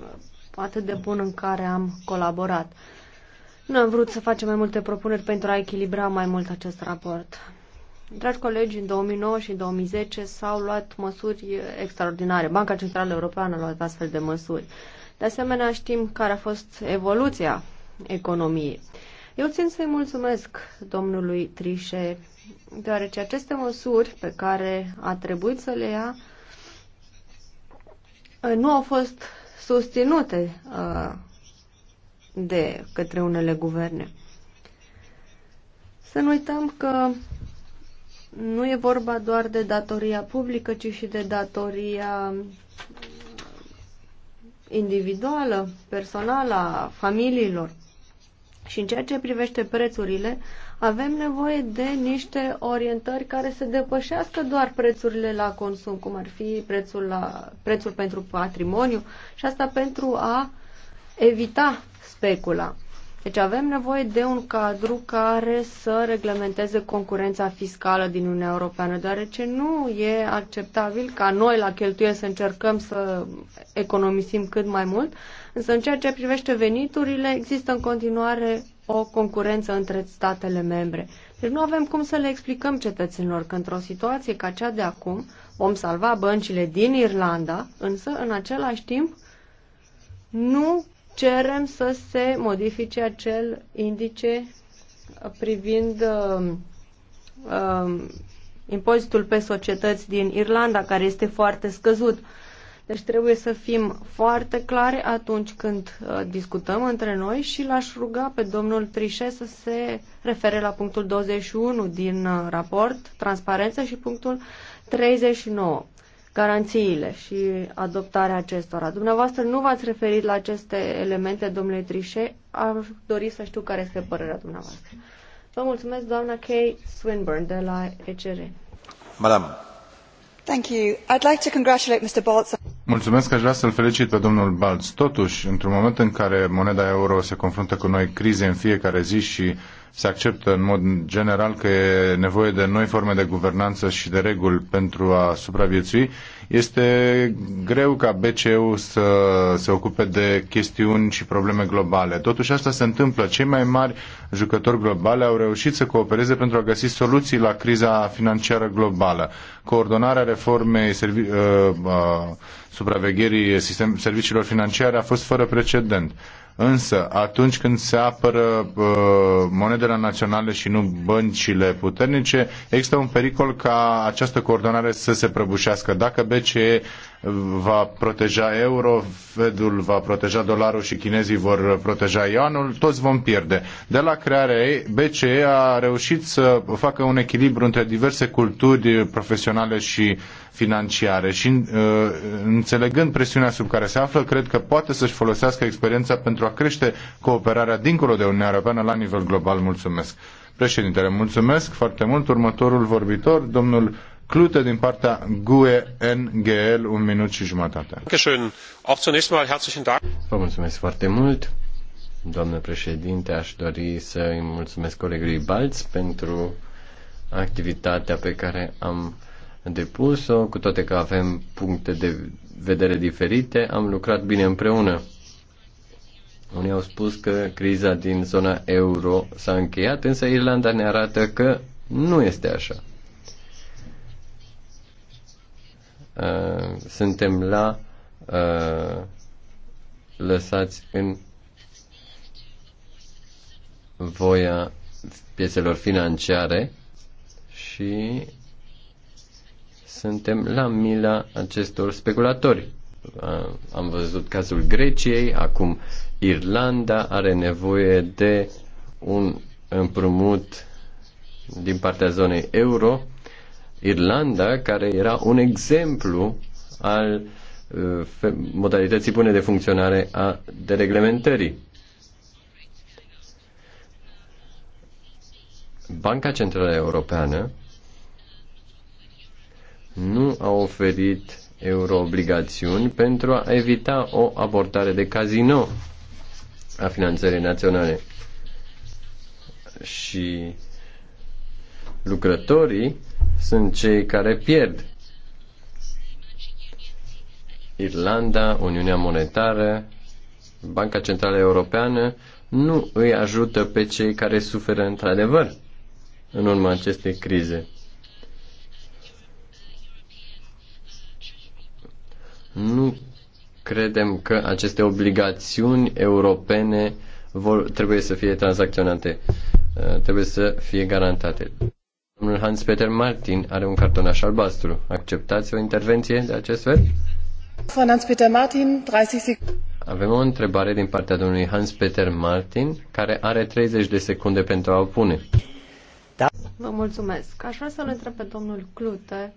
atât de bun în care am colaborat. Nu am vrut să facem mai multe propuneri pentru a echilibra mai mult acest raport. Dragi colegi, în 2009 și în 2010 s-au luat măsuri extraordinare. Banca Centrală Europeană a luat astfel de măsuri. De asemenea, știm care a fost evoluția economiei. Eu țin să-i mulțumesc domnului Trișe, deoarece aceste măsuri pe care a trebuit să le ia uh, nu au fost susținute uh, de către unele guverne. Să nu uităm că nu e vorba doar de datoria publică, ci și de datoria individuală, personală, a familiilor. Și în ceea ce privește prețurile, avem nevoie de niște orientări care să depășească doar prețurile la consum, cum ar fi prețul, la, prețul pentru patrimoniu și asta pentru a evita specula. Deci avem nevoie de un cadru care să reglementeze concurența fiscală din Uniunea Europeană, deoarece nu e acceptabil ca noi la cheltuie să încercăm să economisim cât mai mult, însă în ceea ce privește veniturile există în continuare o concurență între statele membre. Deci nu avem cum să le explicăm cetățenilor că într-o situație ca cea de acum vom salva băncile din Irlanda, însă în același timp nu cerem să se modifice acel indice privind uh, uh, impozitul pe societăți din Irlanda, care este foarte scăzut. Deci trebuie să fim foarte clare atunci când uh, discutăm între noi și l-aș ruga pe domnul Trișe să se refere la punctul 21 din uh, raport, transparență și punctul 39 garanțiile și adoptarea acestora. Dumneavoastră nu v-ați referit la aceste elemente, domnule Trișe. Aș dori să știu care este părerea dumneavoastră. Vă mulțumesc, doamna Kay Swinburne de la ECR. Madame. Thank you. I'd like to congratulate Mr. Baltz. Mulțumesc, aș vrea să-l felicit pe domnul Balz. Totuși, într-un moment în care moneda euro se confruntă cu noi crize în fiecare zi și se acceptă în mod general că e nevoie de noi forme de guvernanță și de reguli pentru a supraviețui, este greu ca BCU să se ocupe de chestiuni și probleme globale. Totuși asta se întâmplă. Cei mai mari jucători globale au reușit să coopereze pentru a găsi soluții la criza financiară globală. Coordonarea reformei servi- uh, uh, supravegherii sistem- serviciilor financiare a fost fără precedent. Însă, atunci când se apără uh, monedele naționale și nu băncile puternice, există un pericol ca această coordonare să se prăbușească. Dacă BCE va proteja euro, Fedul va proteja dolarul și chinezii vor proteja ianul. toți vom pierde. De la crearea ei, BCE a reușit să facă un echilibru între diverse culturi profesionale și financiare și uh, înțelegând presiunea sub care se află, cred că poate să-și folosească experiența pentru a crește cooperarea dincolo de Uniunea Europeană la nivel global. Mulțumesc. Președintele, mulțumesc foarte mult. Următorul vorbitor, domnul Klute din partea GUE NGL, un minut și jumătate. Vă mulțumesc foarte mult. domnule președinte, aș dori să îi mulțumesc colegului Balț pentru activitatea pe care am depus-o, cu toate că avem puncte de vedere diferite, am lucrat bine împreună. Unii au spus că criza din zona euro s-a încheiat, însă Irlanda ne arată că nu este așa. Uh, suntem la uh, lăsați în voia piețelor financiare și suntem la mila acestor speculatori. Uh, am văzut cazul Greciei, acum Irlanda are nevoie de un împrumut din partea zonei euro Irlanda, care era un exemplu al uh, modalității bune de funcționare a dereglementării. Banca Centrală Europeană nu a oferit euroobligațiuni pentru a evita o abordare de casino a finanțării naționale. Și lucrătorii sunt cei care pierd. Irlanda, Uniunea Monetară, Banca Centrală Europeană nu îi ajută pe cei care suferă într-adevăr în urma acestei crize. Nu credem că aceste obligațiuni europene vor, trebuie să fie tranzacționate, uh, trebuie să fie garantate. Domnul Hans-Peter Martin are un cartonaș albastru. Acceptați o intervenție de acest fel? Hans-Peter Martin, 30 Avem o întrebare din partea domnului Hans-Peter Martin, care are 30 de secunde pentru a o pune. Da. Vă mulțumesc. Aș vrea să-l întreb pe domnul Clute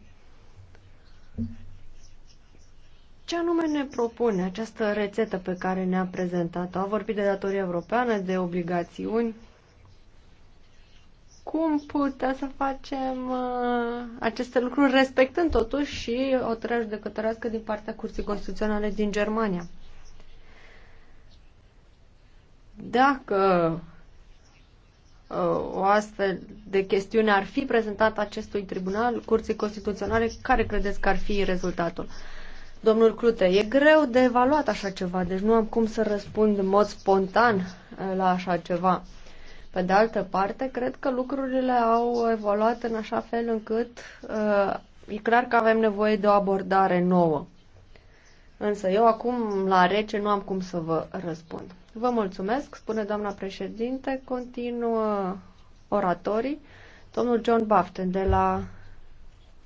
ce anume ne propune această rețetă pe care ne-a prezentat-o? A vorbit de datorie europeană, de obligațiuni, cum putem să facem uh, aceste lucruri respectând totuși și o tără judecătorească din partea Curții Constituționale din Germania. Dacă uh, o astfel de chestiune ar fi prezentată acestui tribunal, Curții Constituționale, care credeți că ar fi rezultatul? Domnul Clute, e greu de evaluat așa ceva, deci nu am cum să răspund în mod spontan uh, la așa ceva. Pe de altă parte, cred că lucrurile au evoluat în așa fel încât uh, e clar că avem nevoie de o abordare nouă. Însă eu acum, la rece, nu am cum să vă răspund. Vă mulțumesc, spune doamna președinte, continuă oratorii, domnul John Bafton de la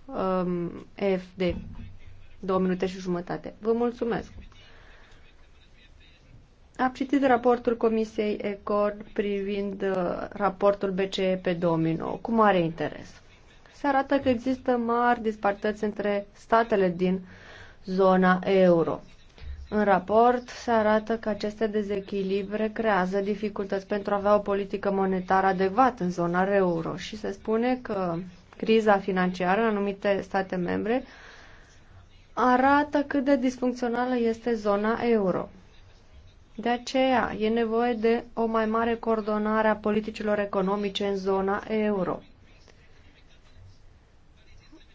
um, EFD, două minute și jumătate. Vă mulțumesc. Am citit raportul Comisiei ECORD privind uh, raportul BCE pe 2009 cu mare interes. Se arată că există mari disparități între statele din zona euro. În raport se arată că aceste dezechilibre creează dificultăți pentru a avea o politică monetară adecvată în zona euro și se spune că criza financiară în anumite state membre arată cât de disfuncțională este zona euro. De aceea e nevoie de o mai mare coordonare a politicilor economice în zona euro.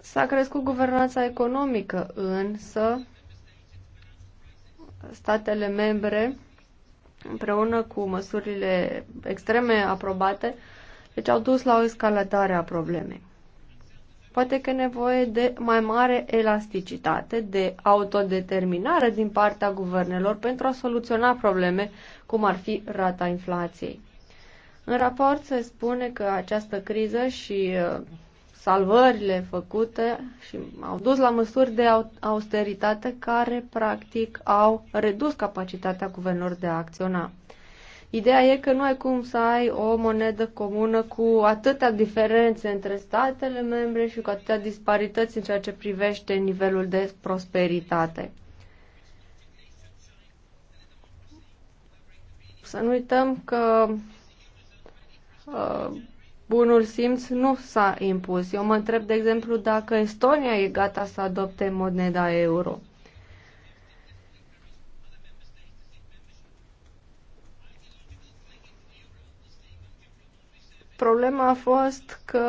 S-a crescut guvernanța economică, însă statele membre, împreună cu măsurile extreme aprobate, deci au dus la o escaladare a problemei. Poate că nevoie de mai mare elasticitate, de autodeterminare din partea guvernelor pentru a soluționa probleme cum ar fi rata inflației. În raport se spune că această criză și uh, salvările făcute și au dus la măsuri de austeritate care practic au redus capacitatea guvernelor de a acționa. Ideea e că nu ai cum să ai o monedă comună cu atâtea diferențe între statele membre și cu atâtea disparități în ceea ce privește nivelul de prosperitate. Să nu uităm că uh, bunul simț nu s-a impus. Eu mă întreb, de exemplu, dacă Estonia e gata să adopte moneda euro. Problema a fost că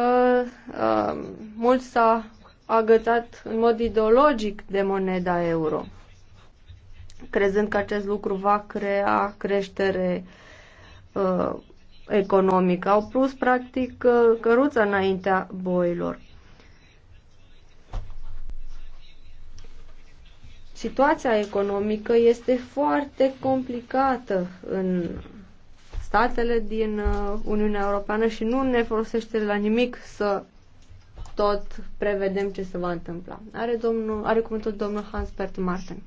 uh, mult s-a agățat în mod ideologic de moneda euro, crezând că acest lucru va crea creștere uh, economică. Au pus, practic, uh, căruța înaintea boilor. Situația economică este foarte complicată în statele din uh, Uniunea Europeană și nu ne folosește la nimic să tot prevedem ce se va întâmpla. Are, domnul, are cuvântul domnul Hans Bert Martin.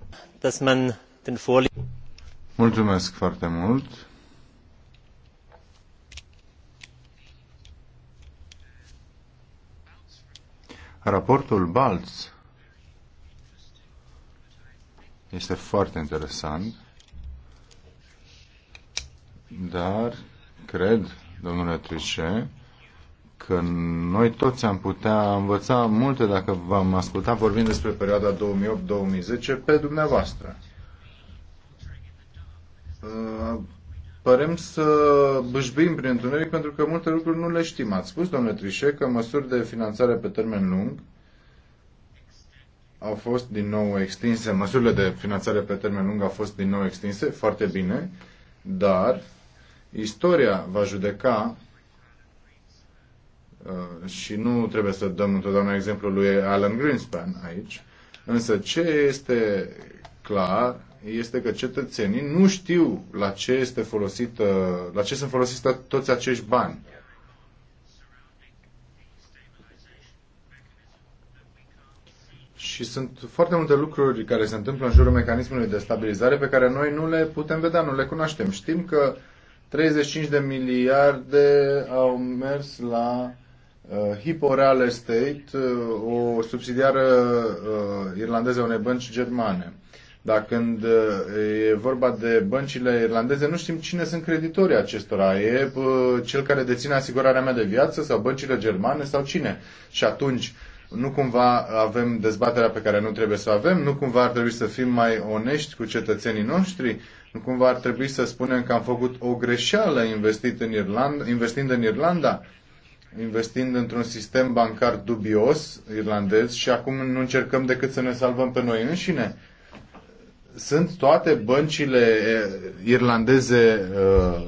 Mulțumesc foarte mult. Raportul Balz este foarte interesant dar cred, domnule Trișe, că noi toți am putea învăța multe dacă v-am ascultat vorbind despre perioada 2008-2010 pe dumneavoastră. Uh, părem să bâșbim prin întuneric pentru că multe lucruri nu le știm. Ați spus, domnule Trișe, că măsuri de finanțare pe termen lung au fost din nou extinse, măsurile de finanțare pe termen lung au fost din nou extinse, foarte bine, dar Istoria va judeca uh, și nu trebuie să dăm întotdeauna exemplul lui Alan Greenspan aici, însă ce este clar este că cetățenii nu știu la ce este folosită, la ce sunt folosiți toți acești bani. Și sunt foarte multe lucruri care se întâmplă în jurul mecanismului de stabilizare pe care noi nu le putem vedea, nu le cunoaștem. Știm că uh, 35 de miliarde au mers la uh, Hippo Real Estate, uh, o subsidiară uh, irlandeză a unei bănci germane. Dar când uh, e vorba de băncile irlandeze, nu știm cine sunt creditorii acestora. E uh, cel care deține asigurarea mea de viață sau băncile germane sau cine. Și atunci, nu cumva avem dezbaterea pe care nu trebuie să o avem, nu cumva ar trebui să fim mai onești cu cetățenii noștri, nu cumva ar trebui să spunem că am făcut o greșeală investit în Irlanda, investind în Irlanda, investind într-un sistem bancar dubios irlandez și acum nu încercăm decât să ne salvăm pe noi înșine. Sunt toate băncile eh, irlandeze uh,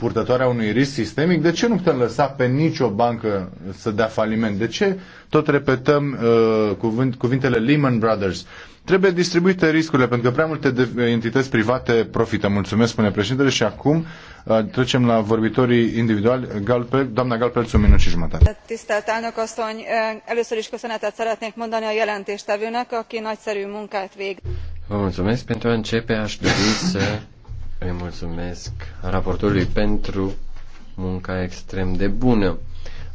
purtătoarea unui risc sistemic, de ce nu putem lăsa pe nicio bancă să dea faliment? De ce tot repetăm uh, cuvânt, cuvintele Lehman Brothers? Trebuie distribuite riscurile, pentru că prea multe entități private profită. Mulțumesc, spune președintele, și acum uh, trecem la vorbitorii individuali. Galpel, doamna Galpelț, un minut și jumătate. Tisztelt elnök asszony, először is köszönetet szeretnék mondani a jelentéstevőnek, aki nagyszerű munkát vég. Vă mulțumesc pentru a începe, aș dori să îi mulțumesc raportorului pentru munca extrem de bună.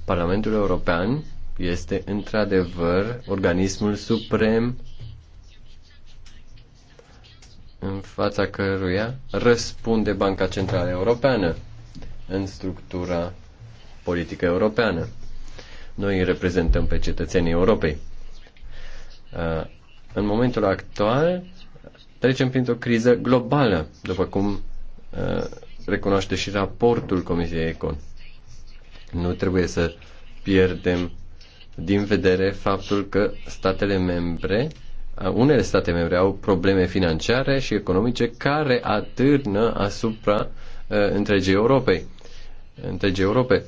Parlamentul European este într-adevăr organismul suprem în fața căruia răspunde Banca Centrală Europeană în structura politică europeană. Noi îi reprezentăm pe cetățenii Europei. Uh, în momentul actual, Trecem printr-o criză globală, după cum uh, recunoaște și raportul Comisiei Econ. Nu trebuie să pierdem din vedere faptul că statele membre, unele state membre au probleme financiare și economice care atârnă asupra uh, întregii Europei. Întregii Europei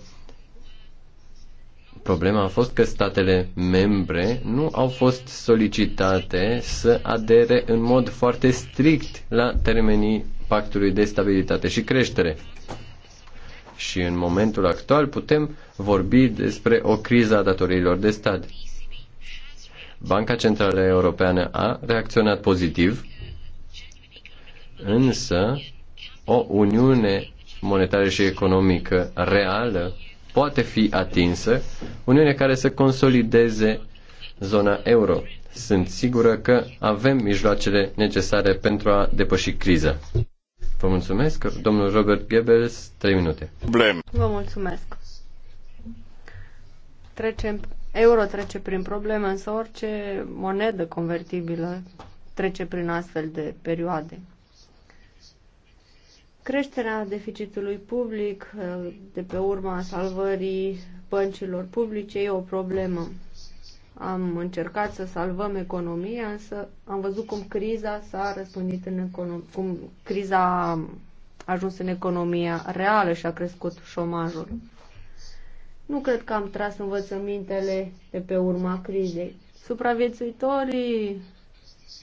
Problema a fost că statele membre nu au fost solicitate să adere în mod foarte strict la termenii Pactului de Stabilitate și Creștere. Și în momentul actual putem vorbi despre o criză a datoriilor de stat. Banca Centrală Europeană a reacționat pozitiv, însă o uniune monetară și economică reală poate fi atinsă, Uniune care să consolideze zona euro. Sunt sigură că avem mijloacele necesare pentru a depăși criza. Vă mulțumesc, domnul Robert Goebbels, 3 minute. Problem. Vă mulțumesc. Trecem, euro trece prin probleme, însă orice monedă convertibilă trece prin astfel de perioade creșterea deficitului public uh, de pe urma salvării băncilor publice e o problemă. Am încercat să salvăm economia, însă am văzut cum criza s-a răspândit în economie, cum criza a ajuns în economia reală și a crescut șomajul. Nu cred că am tras învățămintele de pe urma crizei. Supraviețuitorii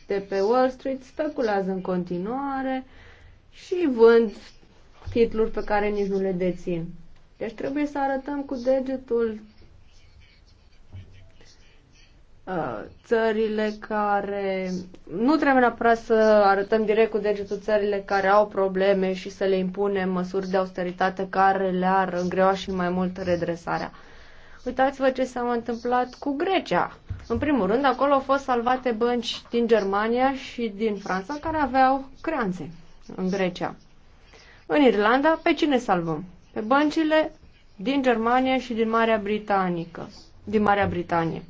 de pe Wall Street speculează în continuare, și vând titluri pe care nici nu le dețin. Deci trebuie să arătăm cu degetul uh, țările care... Nu trebuie neapărat să arătăm direct cu degetul țările care au probleme și să le impunem măsuri de austeritate care le-ar îngreua și mai mult redresarea. Uitați-vă ce s-a întâmplat cu Grecia. În primul rând, acolo au fost salvate bănci din Germania și din Franța care aveau creanțe în Grecia. În Irlanda, pe cine salvăm? Pe băncile din Germania și din Marea Britanică, din Marea Britanie.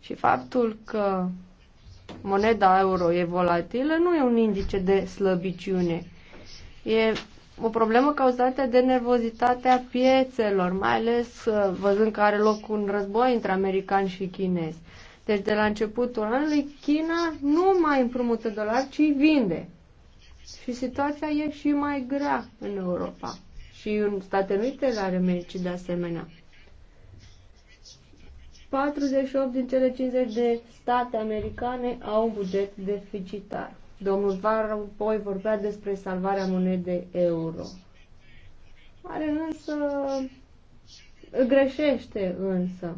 Și faptul că moneda euro e volatilă nu e un indice de slăbiciune. E o problemă cauzată de nervozitatea piețelor, mai ales uh, văzând că are loc un război între americani și chinezi. Deci de la începutul anului China nu mai împrumută dolari, ci vinde. Și situația e și mai grea în Europa. Și în Statele Unite are americii de asemenea. 48 din cele 50 de state americane au un buget deficitar. Domnul poi vorbea despre salvarea monedei euro. Are însă greșește însă.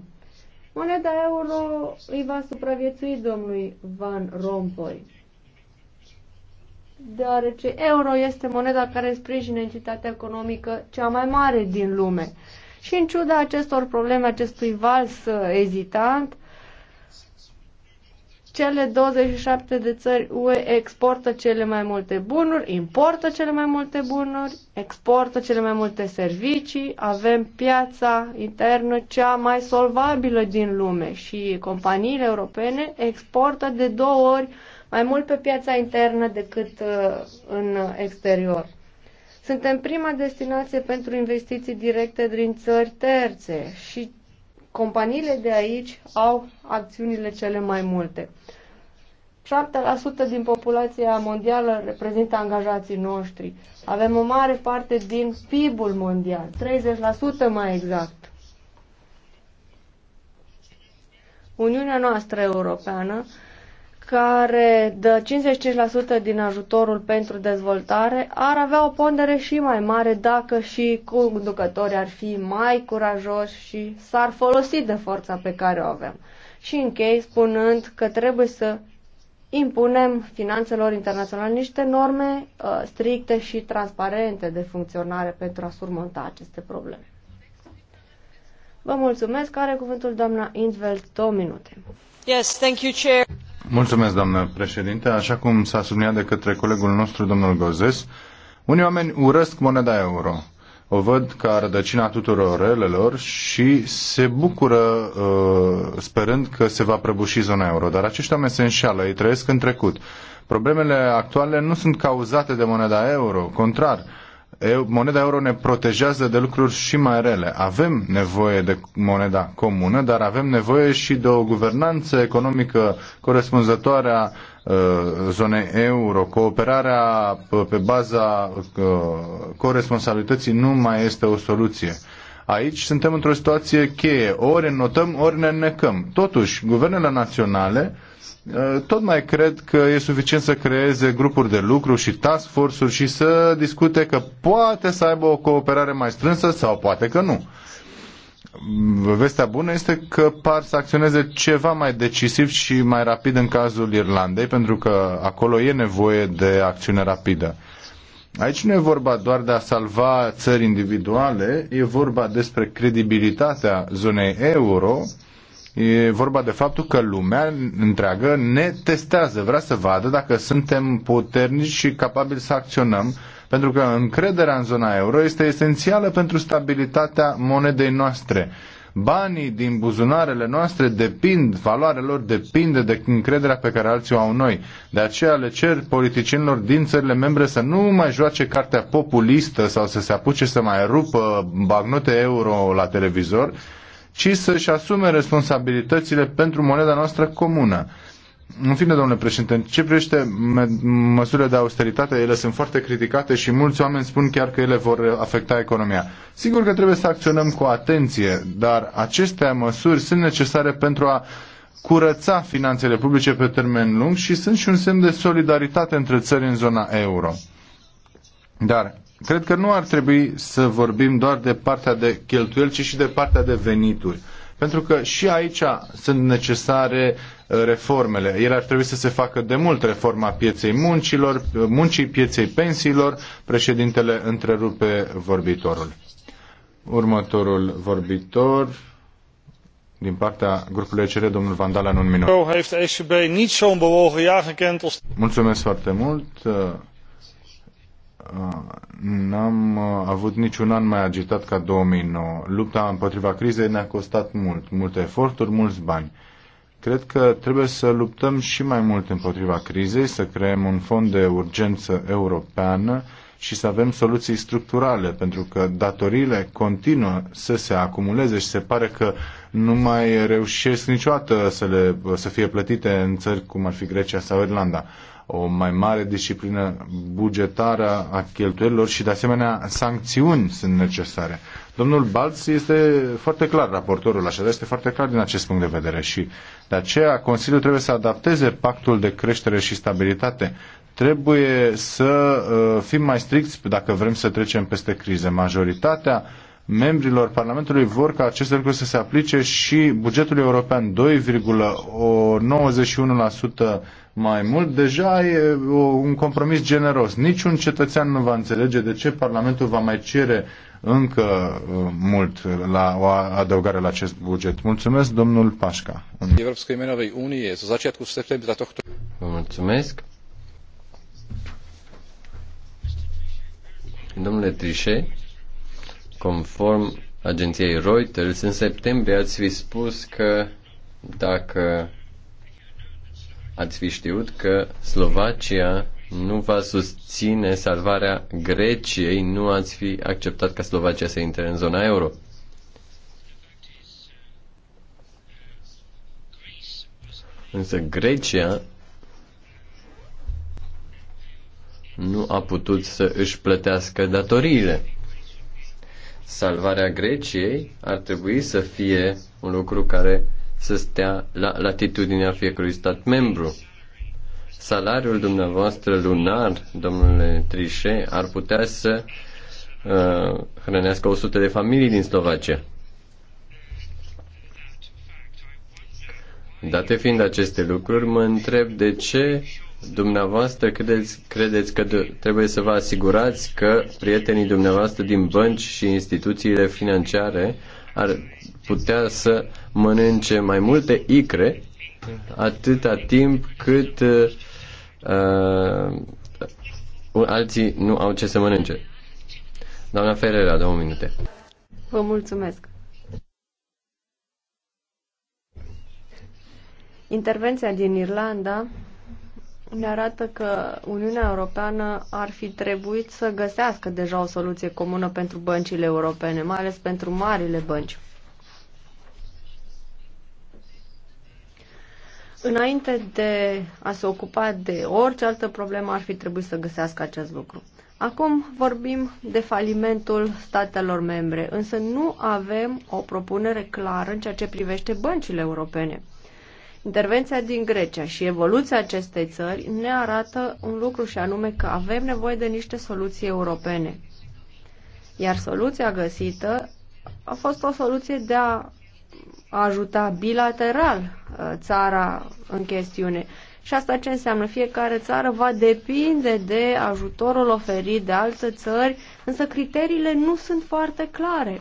Moneda euro îi va supraviețui domnului Van Rompuy, deoarece euro este moneda care sprijină entitatea economică cea mai mare din lume. Și în ciuda acestor probleme, acestui vals ezitant, cele 27 de țări UE exportă cele mai multe bunuri, importă cele mai multe bunuri, exportă cele mai multe servicii, avem piața internă cea mai solvabilă din lume și companiile europene exportă de două ori mai mult pe piața internă decât uh, în exterior. Suntem prima destinație pentru investiții directe din țări terțe și companiile de aici au acțiunile cele mai multe. 7% din populația mondială reprezintă angajații noștri. Avem o mare parte din PIB-ul mondial, 30% mai exact. Uniunea noastră europeană care dă 55% din ajutorul pentru dezvoltare, ar avea o pondere și mai mare dacă și conducătorii ar fi mai curajoși și s-ar folosi de forța pe care o avem. Și închei spunând că trebuie să impunem finanțelor internaționale niște norme uh, stricte și transparente de funcționare pentru a surmonta aceste probleme. Vă mulțumesc. Are cuvântul doamna Intveld două minute. Yes, thank you, Chair. Mulțumesc, doamnă președinte. Așa cum s-a subliniat de către colegul nostru, domnul Gozes, unii oameni urăsc moneda euro. O văd ca rădăcina tuturor relelor și se bucură uh, sperând că se va prăbuși zona euro. Dar acești oameni se înșeală, ei trăiesc în trecut. Problemele actuale nu sunt cauzate de moneda euro, contrar. Uh, moneda euro ne protejează de lucruri și mai rele. Avem nevoie de moneda comună, dar avem nevoie și de o guvernanță economică corespunzătoare a uh, zonei euro. Cooperarea uh, pe baza uh, coresponsabilității nu mai este o soluție. Aici suntem într-o situație cheie. Ori notăm, ori ne necăm. Totuși, guvernele naționale uh, Eh, tot mai cred că e suficient să creeze grupuri de lucru și task force-uri și să discute că poate să aibă o cooperare mai strânsă sau poate că nu. Mm, vestea bună este că par să acționeze ceva mai decisiv și mai rapid în cazul Irlandei, pentru că acolo e nevoie de acțiune rapidă. Aici nu e vorba doar de a salva țări individuale, e vorba despre credibilitatea zonei euro E vorba de faptul că lumea întreagă ne testează, vrea să vadă dacă suntem puternici și capabili să acționăm, pentru că încrederea în zona euro este esențială pentru stabilitatea monedei noastre. Banii din buzunarele noastre depind, valoarea lor depinde de încrederea pe care alții o au noi. De aceea le cer politicienilor din țările membre să nu mai joace cartea populistă sau să se apuce să mai rupă bagnote euro la televizor, ci să-și asume responsabilitățile pentru moneda noastră comună. În fine, domnule președinte, ce privește măsurile de austeritate, ele sunt foarte criticate și mulți oameni spun chiar că ele vor afecta economia. Sigur că trebuie să acționăm cu atenție, dar aceste măsuri sunt necesare pentru a curăța finanțele publice pe termen lung și sunt și un semn de solidaritate între țări în zona euro. Dar Cred că nu ar trebui să vorbim doar de partea de cheltuieli, ci și de partea de venituri. Pentru că și aici sunt necesare uh, reformele. Ele ar trebui să se facă de mult reforma pieței muncilor, muncii pieței pensiilor. Președintele întrerupe vorbitorul. Următorul vorbitor din partea grupului ECR, domnul Vandala, în un minut. Mulțumesc foarte mult. Ah, n-am uh, avut niciun an mai agitat ca 2009. Lupta împotriva crizei ne-a costat mult, multe eforturi, mulți bani. Cred că trebuie să luptăm și mai mult împotriva crizei, să creăm un fond de urgență europeană și să avem soluții structurale, pentru că datoriile continuă să se acumuleze și se pare că nu mai reușesc niciodată să, le, să fie plătite în țări cum ar fi Grecia sau Irlanda o mai mare disciplină bugetară a cheltuielilor și, de asemenea, sancțiuni sunt necesare. Domnul Balț este foarte clar, raportorul așa, este foarte clar din acest punct de vedere și de aceea Consiliul trebuie să adapteze pactul de creștere și stabilitate. Trebuie să uh, fim mai stricți dacă vrem să trecem peste crize. Majoritatea membrilor Parlamentului vor ca acest lucru să se aplice și bugetul european 2,91% mai mult, deja e un compromis generos. Niciun cetățean nu va înțelege de ce Parlamentul va mai cere încă uh, mult la o adăugare la acest buget. Mulțumesc, domnul Pașca. Mulțumesc. Domnule Trișe, conform agenției Reuters, în septembrie ați fi spus că dacă ați fi știut că Slovacia nu va susține salvarea Greciei, nu ați fi acceptat ca Slovacia să intre în zona euro. Însă Grecia nu a putut să își plătească datoriile. Salvarea Greciei ar trebui să fie un lucru care să stea la latitudinea fiecărui stat membru. Salariul dumneavoastră lunar, domnule Trișe, ar putea să uh, hrănească 100 de familii din Slovacia. Date fiind aceste lucruri, mă întreb de ce dumneavoastră credeți, credeți că trebuie să vă asigurați că prietenii dumneavoastră din bănci și instituțiile financiare ar putea să mănânce mai multe icre atâta timp cât uh, uh, alții nu au ce să mănânce. Doamna Ferreira, două minute. Vă mulțumesc. Intervenția din Irlanda ne arată că Uniunea Europeană ar fi trebuit să găsească deja o soluție comună pentru băncile europene, mai ales pentru marile bănci. înainte de a se ocupa de orice altă problemă, ar fi trebuit să găsească acest lucru. Acum vorbim de falimentul statelor membre, însă nu avem o propunere clară în ceea ce privește băncile europene. Intervenția din Grecia și evoluția acestei țări ne arată un lucru și anume că avem nevoie de niște soluții europene. Iar soluția găsită a fost o soluție de a ajuta bilateral uh, țara în chestiune. Și asta ce înseamnă? Fiecare țară va depinde de ajutorul oferit de alte țări, însă criteriile nu sunt foarte clare.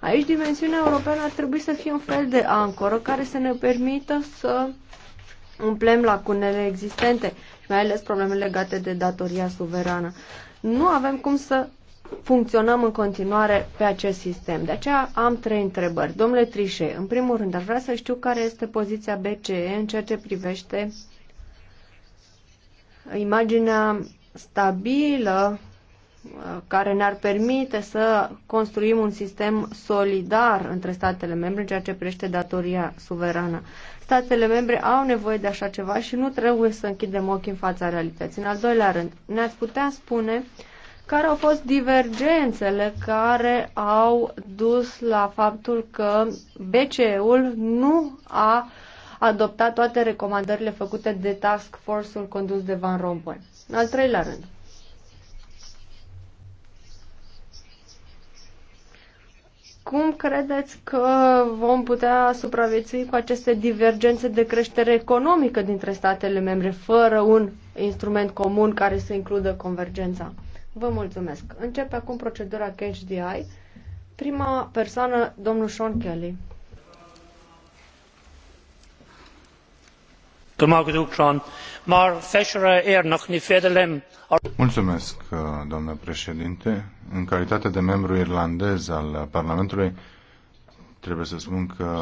Aici dimensiunea europeană ar trebui să fie un fel de ancoră care să ne permită să umplem lacunele existente și mai ales probleme legate de datoria suverană. Nu avem cum să funcționăm în continuare pe acest sistem. De aceea am trei întrebări. Domnule Trișe, în primul rând, ar vrea să știu care este poziția BCE în ceea ce privește imaginea stabilă uh, care ne-ar permite să construim un sistem solidar între statele membre în ceea ce privește datoria suverană. Statele membre au nevoie de așa ceva și nu trebuie să închidem ochii în fața realității. În al doilea rând, ne-ați putea spune uh, care au fost divergențele care au dus la faptul că BCE-ul nu a adoptat toate recomandările făcute de task force-ul condus de Van Rompuy. În al treilea rând, Cum credeți că vom putea supraviețui cu aceste divergențe de creștere economică dintre statele membre, fără un instrument comun care să includă convergența? Vă mulțumesc. Începe acum procedura Catch Prima persoană, domnul Sean Kelly. Er mulțumesc, uh, doamnă președinte. În calitate de membru irlandez al Parlamentului, trebuie să spun că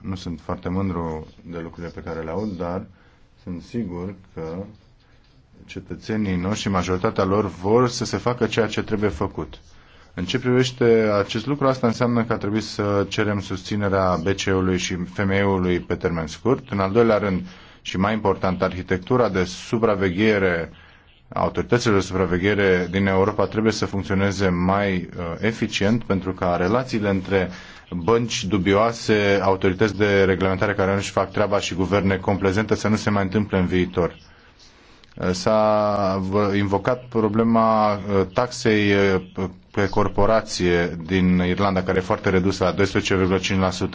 nu sunt foarte mândru de lucrurile pe care le aud, dar sunt sigur că cetățenii noștri, majoritatea lor, vor să se facă ceea ce trebuie făcut. În ce privește acest lucru, asta înseamnă că trebuie să cerem susținerea BCE-ului și FME-ului pe termen scurt. În al doilea rând, și mai important, arhitectura de supraveghere, autoritățile de supraveghere din Europa trebuie să funcționeze mai uh, eficient pentru ca relațiile între bănci dubioase, autorități de reglementare care nu-și fac treaba și guverne complezente să nu se mai întâmple în viitor S-a invocat problema uh, taxei uh, pe corporație din Irlanda, care e foarte redusă la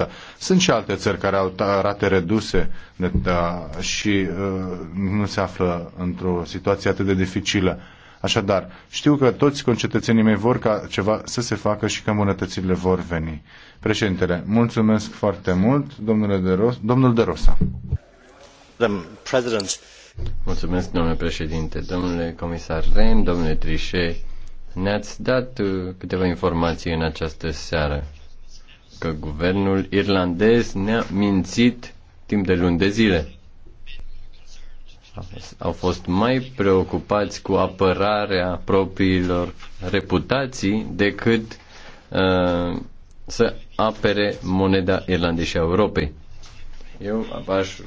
12,5%. Sunt și alte țări care au rate reduse de, da, și uh, nu se află într-o situație atât de dificilă. Așadar, știu că toți concetățenii mei vor ca ceva să se facă și că îmbunătățirile vor veni. Președintele, mulțumesc foarte mult, domnule de Ros- domnul de Rosa. President. Mulțumesc, domnule președinte, domnule comisar Rem, domnule Trișe. Ne-ați dat uh, câteva informații în această seară că guvernul irlandez ne-a mințit timp de luni de zile. Au fost mai preocupați cu apărarea propriilor reputații decât uh, să apere moneda irlandei a Europei. Eu aș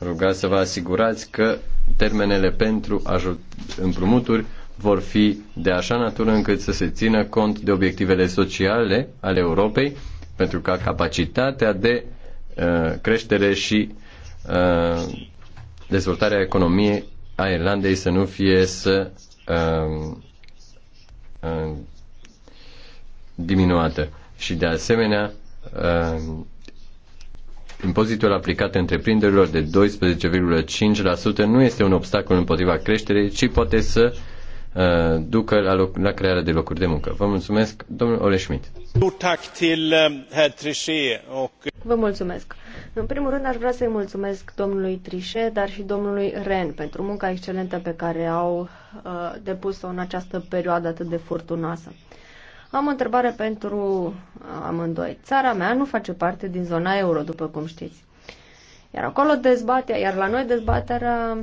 ruga să vă asigurați că termenele pentru împrumuturi vor fi de așa natură încât să se țină cont de obiectivele sociale ale Europei, pentru ca capacitatea de uh, creștere și uh, dezvoltarea economiei a Irlandei să nu fie să uh, uh, diminuată. Și de asemenea, uh, impozitul aplicat întreprinderilor de 12,5% nu este un obstacol împotriva creșterii, ci poate să uh, ducă la, loc, la crearea de locuri de muncă. Vă mulțumesc, domnul Oleșmit. Uh, uh, Vă mulțumesc. În primul rând aș vrea să-i mulțumesc domnului Trișe, dar și domnului Ren pentru munca excelentă pe care au uh, depus-o în această perioadă atât de furtunoasă. Uh, am o întrebare pentru amândoi. Țara mea nu face parte din zona euro, după cum știți. Iar acolo dezbaterea, iar la noi dezbaterea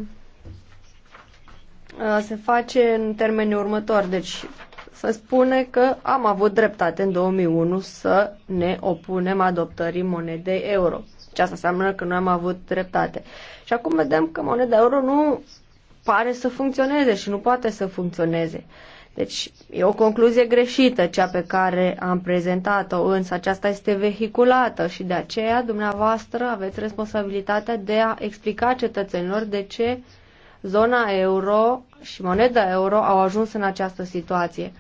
se face în termenii următori. Deci să spune că am avut dreptate în 2001 să ne opunem adoptării monedei euro. Ce asta înseamnă că noi am avut dreptate. Și acum vedem că moneda euro nu pare să funcționeze și nu poate să funcționeze. Uh, deci e o concluzie greșită cea pe care am prezentat-o, însă aceasta este vehiculată și de aceea dumneavoastră aveți responsabilitatea de a explica cetățenilor de ce zona euro și moneda euro au ajuns în această situație.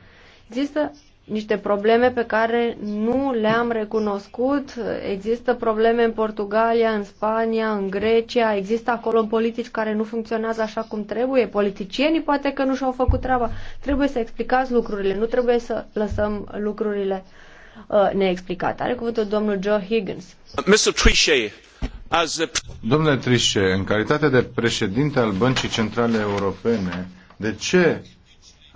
Există niște probleme pe care nu le-am recunoscut. Există probleme în Portugalia, în Spania, în Grecia, există acolo politici care nu funcționează așa cum trebuie, politicienii poate că nu și-au făcut treaba. Trebuie să explicați lucrurile, nu trebuie să lăsăm lucrurile uh, neexplicate. Are cuvântul domnul Joe Higgins. Mr. Trichet, as a... Domnule Trichet, în calitate de președinte al Băncii Centrale Europene, de ce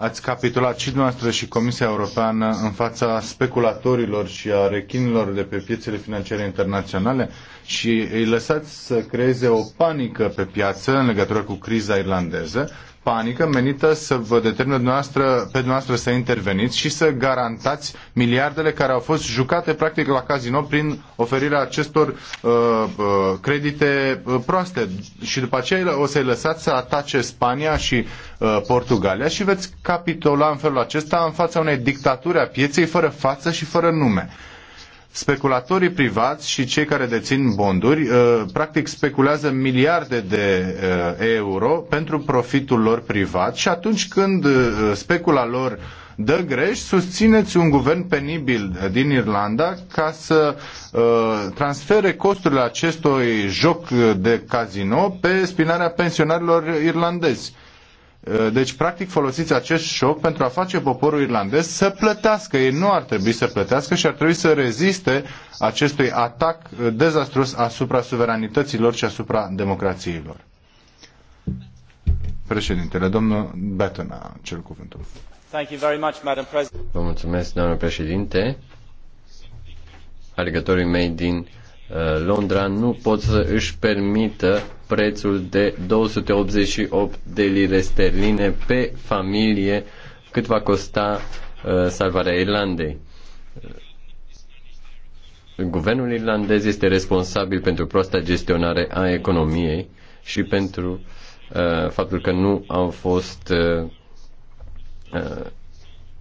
ați capitulat și dumneavoastră și Comisia Europeană în fața speculatorilor și a rechinilor de pe piețele financiare internaționale și îi lăsați să creeze o panică pe piață în legătură cu criza irlandeză panică menită să vă determine dumneavoastră, pe dumneavoastră să interveniți și să garantați miliardele care au fost jucate practic la casino prin oferirea acestor uh, uh, credite uh, proaste. Și după aceea o să-i lăsați să atace Spania și uh, Portugalia și veți capitola în felul acesta în fața unei dictaturi a pieței fără față și fără nume speculatorii privați și cei care dețin bonduri uh, practic speculează miliarde de uh, euro pentru profitul lor privat și atunci când uh, specula lor dă greș, susțineți un guvern penibil din Irlanda ca să transfere costurile acestui joc de casino pe spinarea pensionarilor irlandezi. Eh, deci, practic, folosiți acest șoc pentru a face poporul irlandez să plătească. Ei nu ar trebui să plătească și ar trebui să reziste acestui atac eh, dezastros asupra suveranităților și asupra democrațiilor. Președintele, domnul Batten a cel cuvântul. Vă mulțumesc, doamnă președinte. Alegătorii mei din eh, Londra nu pot să își permită prețul de 288 de lire sterline pe familie cât va costa uh, salvarea Irlandei. Guvernul irlandez este responsabil pentru proasta gestionare a economiei și pentru uh, faptul că nu au fost uh, uh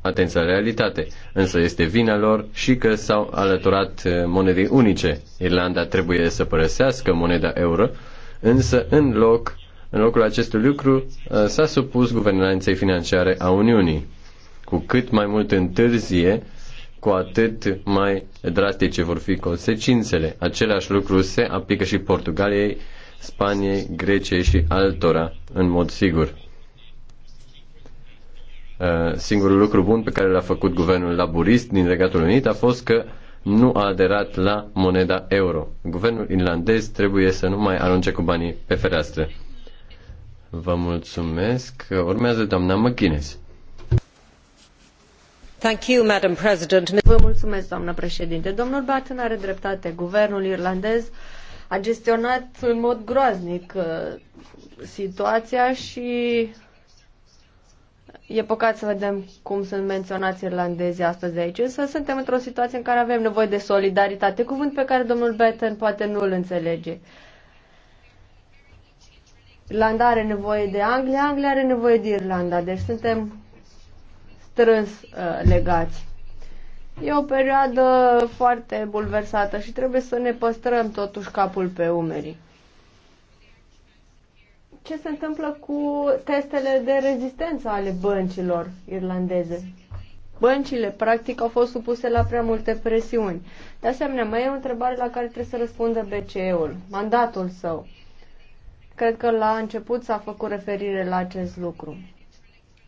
atenți la realitate, însă este vina lor și că s-au alăturat uh, monedei unice. Irlanda trebuie să părăsească moneda euro însă în loc în locul acestui lucru uh, s-a supus guvernanței financiare a Uniunii. Cu cât mai mult întârzie, cu atât mai drastice vor fi consecințele. Același lucru se aplică și Portugaliei, Spaniei, Greciei și altora, în mod sigur. Uh, singurul lucru bun pe care l-a făcut guvernul laburist din Regatul Unit a fost că nu a aderat la moneda euro. Guvernul irlandez trebuie să nu mai arunce cu banii pe fereastră. Vă mulțumesc. Urmează doamna McGuinness. Vă mulțumesc, doamnă președinte. Domnul Barton are dreptate. Guvernul irlandez a gestionat în mod groaznic uh, situația și E păcat să vedem cum sunt menționați irlandezii astăzi de aici, însă suntem într-o situație în care avem nevoie de solidaritate, cuvânt pe care domnul Betten poate nu îl înțelege. Irlanda are nevoie de Anglia, Anglia are nevoie de Irlanda, deci suntem strâns uh, legați. E o perioadă foarte bulversată și trebuie să ne păstrăm totuși capul pe umeri ce se întâmplă cu testele de rezistență ale băncilor irlandeze. Băncile, practic, au fost supuse la prea multe presiuni. De asemenea, mai e o întrebare la care trebuie să răspundă BCE-ul, mandatul său. Cred că la început s-a făcut referire la acest lucru.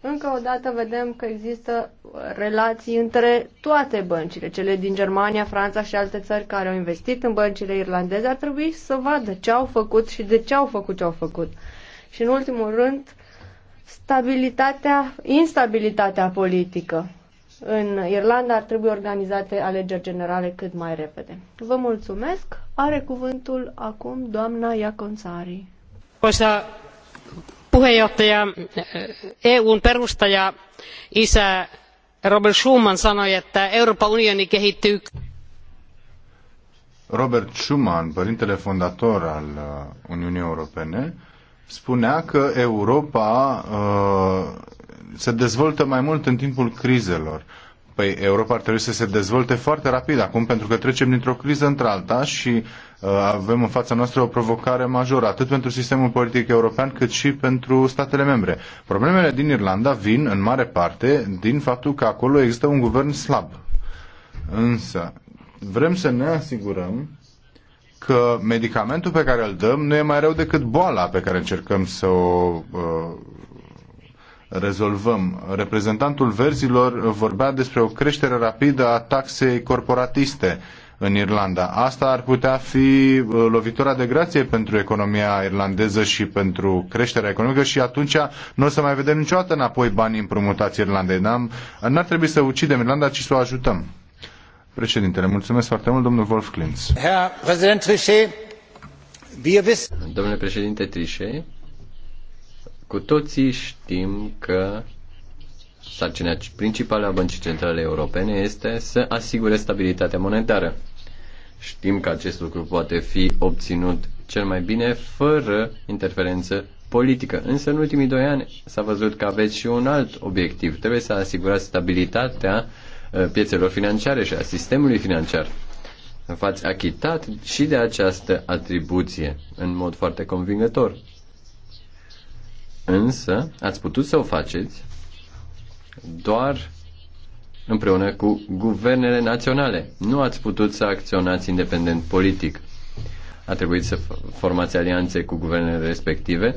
Încă o dată vedem că există relații între toate băncile, cele din Germania, Franța și alte țări care au investit în băncile irlandeze. Ar trebui să vadă ce au făcut și de ce au făcut ce au făcut. Și în ultimul rând, stabilitatea, instabilitatea politică. În Irlanda ar trebui organizate alegeri generale cât mai repede. Vă mulțumesc. Are cuvântul acum doamna Iaconțari. Arvoisa puheenjohtaja, EUn perustaja isä Robert Schuman sanoi, että Euroopan unioni kehittyy Robert Schuman, părintele fondator al Uniunii Europene, spunea că Europa uh, se dezvoltă mai mult în timpul crizelor. Păi Europa ar trebui să se dezvolte foarte rapid acum, pentru că trecem dintr-o criză într-alta și uh, avem în fața noastră o provocare majoră, atât pentru sistemul politic european, cât și pentru statele membre. Problemele din Irlanda vin, în mare parte, din faptul că acolo există un guvern slab. Însă, vrem să ne asigurăm că medicamentul pe care îl dăm nu e mai rău decât boala pe care încercăm să o uh, rezolvăm. Reprezentantul verzilor vorbea despre o creștere rapidă a taxei corporatiste în Irlanda. Asta ar putea fi uh, lovitura de grație pentru economia irlandeză și pentru creșterea economică și atunci nu o să mai vedem niciodată înapoi banii împrumutați Irlandei. n ar trebui să ucidem Irlanda, ci să o ajutăm. Președintele, mulțumesc foarte mult, domnul Wolf Klintz. Domnule președinte Trichet, cu toții știm că sarcina principală a Băncii Centrale Europene este să asigure stabilitatea monetară. Știm că acest lucru poate fi obținut cel mai bine fără interferență politică. Însă în ultimii doi ani s-a văzut că aveți și un alt obiectiv. Trebuie să asigurați stabilitatea Uh, piețelor financiare și a sistemului financiar. V-ați achitat și de această atribuție în mod foarte convingător. Însă, ați putut să o faceți doar împreună cu guvernele naționale. Nu ați putut să acționați independent politic. A trebuit să formați alianțe cu guvernele respective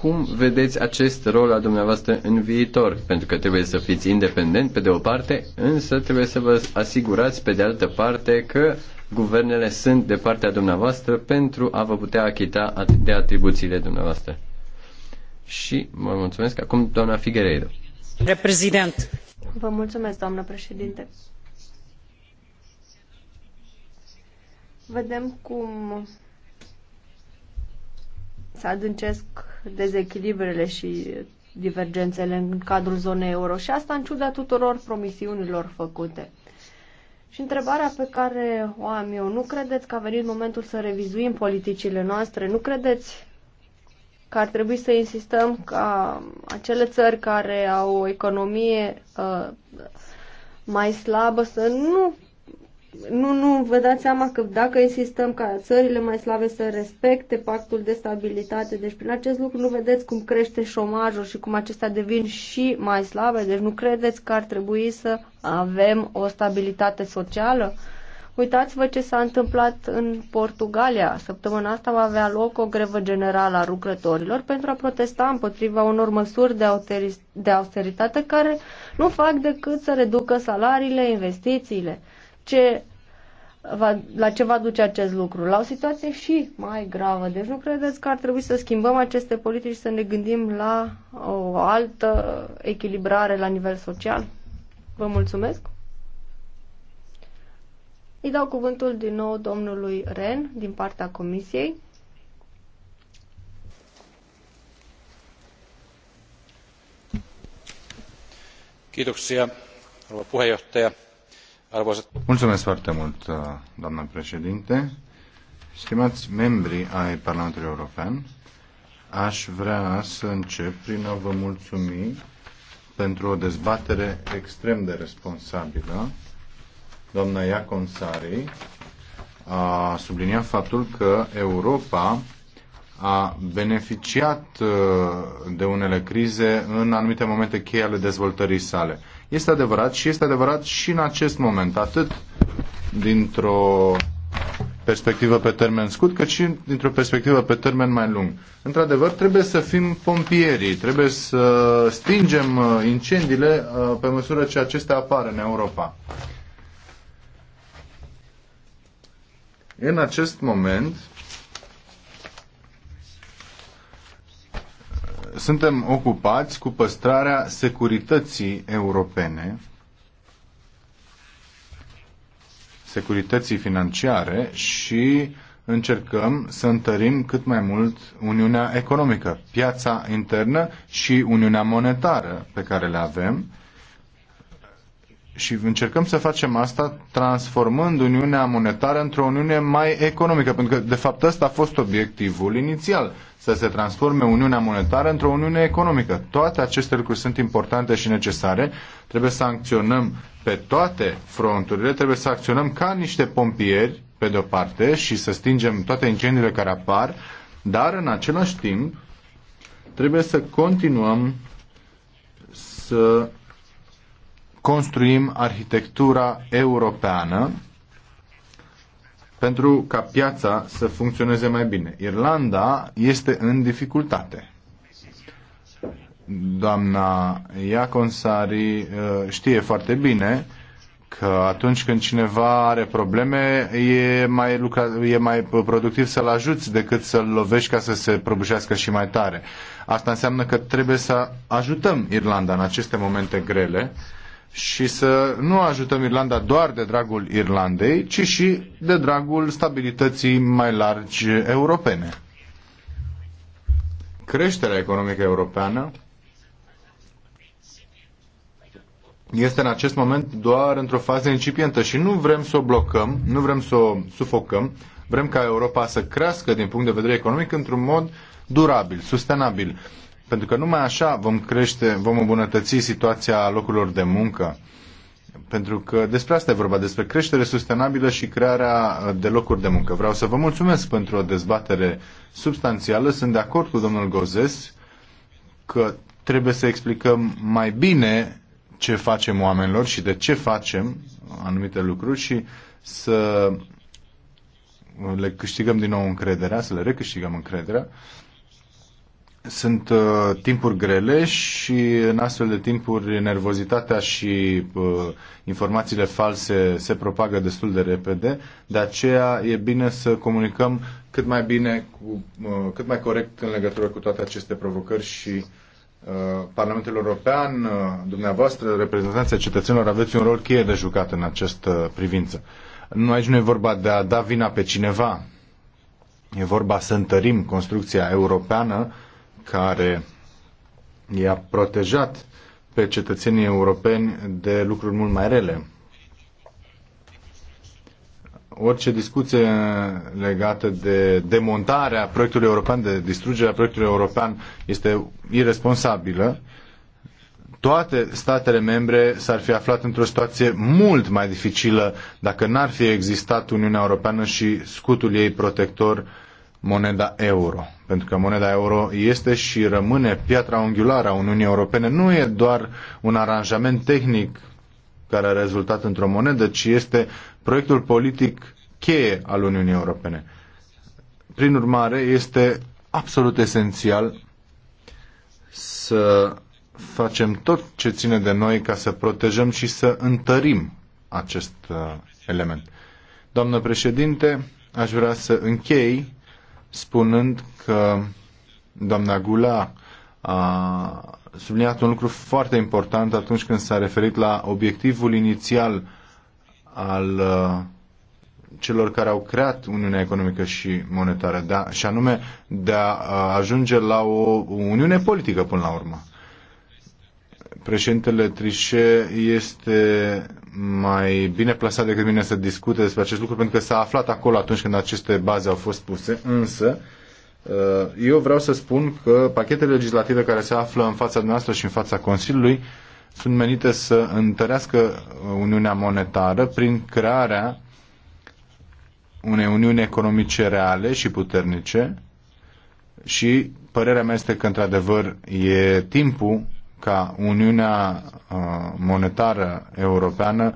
cum vedeți acest rol al dumneavoastră în viitor? Pentru că trebuie să fiți independent pe de o parte, însă trebuie să vă asigurați pe de altă parte că guvernele sunt de partea dumneavoastră pentru a vă putea achita de atribuțiile dumneavoastră. Și vă mulțumesc acum doamna Figueiredo. Reprezident. Vă mulțumesc, doamnă președinte. Vedem cum să adâncesc dezechilibrele și divergențele în cadrul zonei euro și asta în ciuda tuturor promisiunilor făcute. Și întrebarea pe care o am eu, nu credeți că a venit momentul să revizuim politicile noastre? Nu credeți că ar trebui să insistăm ca acele țări care au o economie uh, mai slabă să nu nu, nu vă dați seama că dacă insistăm ca țările mai slabe să respecte pactul de stabilitate, deci prin acest lucru nu vedeți cum crește șomajul și cum acestea devin și mai slabe, deci nu credeți că ar trebui să avem o stabilitate socială? Uitați-vă ce s-a întâmplat în Portugalia. Săptămâna asta va avea loc o grevă generală a lucrătorilor pentru a protesta împotriva unor măsuri de, de austeritate care nu fac decât să reducă salariile, investițiile. Ce va, la ce va duce acest lucru? La o situație și mai gravă. Deci nu credeți că ar trebui să schimbăm aceste politici și să ne gândim la o altă echilibrare la nivel social? Vă mulțumesc! Îi dau cuvântul din nou domnului Ren din partea comisiei. Kiitoksia, rouva puheenjohtaja. Mulțumesc foarte mult, uh, doamnă președinte. Stimați membri ai Parlamentului European, aș vrea să încep prin a vă mulțumi pentru o dezbatere extrem de responsabilă. Doamna Sari a subliniat faptul că Europa a beneficiat uh, de unele crize în anumite momente cheie ale dezvoltării sale. Este adevărat și este adevărat și în acest moment, atât dintr-o perspectivă pe termen scurt, cât și dintr-o perspectivă pe termen mai lung. Într-adevăr, trebuie să fim pompierii, trebuie să stingem uh, incendiile uh, pe măsură ce acestea apar în Europa. În acest moment, suntem ocupați cu păstrarea securității europene, securității financiare și încercăm să întărim cât mai mult Uniunea Economică, piața internă și Uniunea Monetară pe care le avem și încercăm să facem asta transformând Uniunea Monetară într-o Uniune mai economică, pentru că de fapt ăsta a fost obiectivul inițial, să se transforme Uniunea Monetară într-o Uniune economică. Toate aceste lucruri sunt importante și necesare, trebuie să acționăm pe toate fronturile, trebuie să acționăm ca niște pompieri, pe de-o parte, și să stingem toate incendiile care apar, dar în același timp trebuie să continuăm să construim arhitectura europeană pentru ca piața să funcționeze mai bine. Irlanda este în dificultate. Doamna Iaconsari uh, știe foarte bine că atunci când cineva are probleme, e mai, lucra, e mai productiv să-l ajuți decât să-l lovești ca să se prăbușească și mai tare. Asta înseamnă că trebuie să ajutăm Irlanda în aceste momente grele și să nu ajutăm Irlanda doar de dragul Irlandei, ci și de dragul stabilității mai largi europene. Creșterea economică europeană este în acest moment doar într-o fază incipientă și nu vrem să o blocăm, nu vrem să o sufocăm, vrem ca Europa să crească din punct de vedere economic într-un mod durabil, sustenabil pentru că numai așa vom crește, vom îmbunătăți situația locurilor de muncă. Pentru că despre asta e vorba, despre creștere sustenabilă și crearea uh, de locuri de muncă. Vreau să vă mulțumesc pentru o dezbatere substanțială. Sunt de acord cu domnul Gozes că trebuie să explicăm mai bine ce facem oamenilor și de ce facem anumite lucruri și să le câștigăm din nou încrederea, să le recâștigăm încrederea. Sunt uh, timpuri grele și în astfel de timpuri nervozitatea și uh, informațiile false se propagă destul de repede, de aceea e bine să comunicăm cât mai bine, cu, uh, cât mai corect în legătură cu toate aceste provocări și uh, Parlamentul European, uh, dumneavoastră, reprezentanții cetățenilor, aveți un rol cheie de jucat în această privință. Nu aici nu e vorba de a da vina pe cineva, e vorba să întărim construcția europeană care i-a protejat pe cetățenii europeni de lucruri mult mai rele. Orice discuție legată de demontarea proiectului european, de distrugerea proiectului european, este irresponsabilă. Toate statele membre s-ar fi aflat într-o situație mult mai dificilă dacă n-ar fi existat Uniunea Europeană și scutul ei protector uh, moneda euro. Pentru că moneda euro este și rămâne piatra unghiulară a Uniunii Europene. Nu e doar un aranjament tehnic care a rezultat într-o monedă, ci este proiectul politic cheie al Uniunii Europene. Prin urmare, este absolut esențial să facem tot ce ține de noi ca să protejăm și să întărim acest uh, element. Doamnă președinte, aș vrea să închei spunând că doamna Gula a subliniat un lucru foarte important atunci când s-a referit la obiectivul inițial al uh, celor care au creat Uniunea Economică și Monetară, da, și anume de a uh, ajunge la o Uniune politică până la urmă. Președintele Trichet este mai bine plasat decât mine să discute despre acest lucru, pentru că s-a aflat acolo atunci când aceste baze au fost puse. Însă, uh, eu vreau să spun că pachetele legislative care se află în fața noastră și în fața Consiliului sunt menite să întărească uh, Uniunea Monetară prin crearea unei uniuni economice reale și puternice și părerea mea este că, într-adevăr, e timpul ca Uniunea uh, Monetară Europeană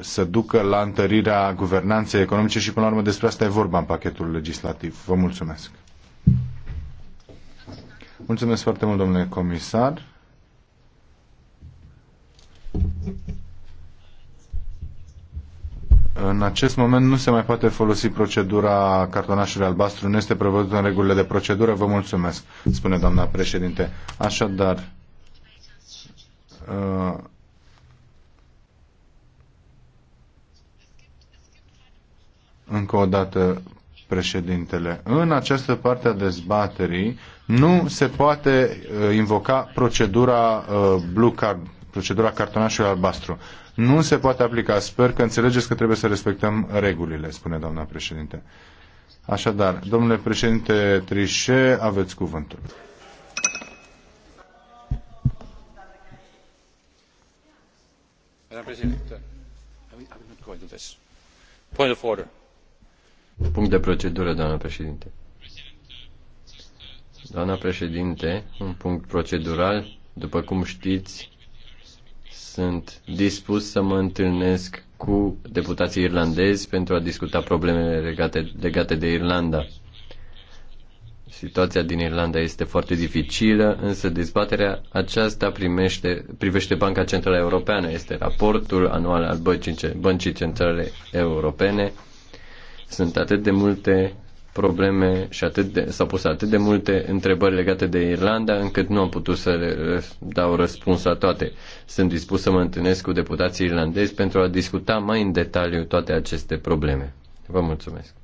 să ducă la întărirea guvernanței economice și până la urmă despre asta e vorba în pachetul legislativ. Vă mulțumesc. Mulțumesc foarte mult, domnule comisar. În acest moment nu se mai poate folosi procedura cartonașului albastru, nu este prevăzută în regulile de procedură. Vă mulțumesc, spune doamna președinte. Așadar, Uh, încă o dată președintele. În această parte a dezbaterii nu se poate uh, invoca procedura uh, blue card, procedura cartonașului albastru. Nu se poate aplica. Sper că înțelegeți că trebuie să respectăm regulile, spune doamna președinte. Așadar, domnule președinte Trișe, aveți cuvântul. Punct de procedură, doamnă președinte. Doamna președinte, un punct procedural. După cum știți, sunt dispus să mă întâlnesc cu deputații irlandezi pentru a discuta problemele legate, legate de Irlanda. Situația din Irlanda este foarte dificilă, însă dezbaterea aceasta primește, privește Banca Centrală Europeană. Este raportul anual al Băncii Centrale Europene. Sunt atât de multe probleme și atât de, s-au pus atât de multe întrebări legate de Irlanda încât nu am putut să le dau răspuns la toate. Sunt dispus să mă întâlnesc cu deputații irlandezi pentru a discuta mai în detaliu toate aceste probleme. Vă mulțumesc.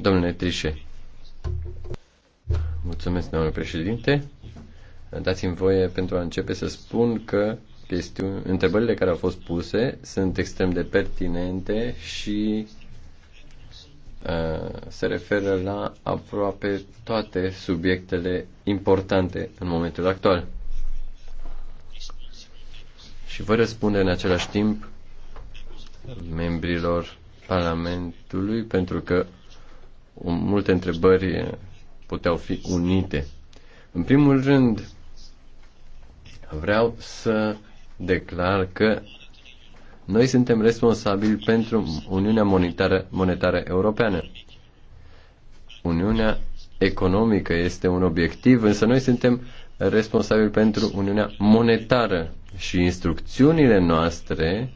Domnule Trișe. Mulțumesc, domnule președinte. Dați-mi voie pentru a începe să spun că chestiuni, întrebările care au fost puse sunt extrem de pertinente și uh, se referă la aproape toate subiectele importante în momentul actual. Și voi răspunde în același timp membrilor Parlamentului pentru că multe întrebări puteau fi unite. În primul rând, vreau să declar că noi suntem responsabili pentru Uniunea Monetară, Monetară Europeană. Uniunea economică este un obiectiv, însă noi suntem responsabili pentru Uniunea Monetară și instrucțiunile noastre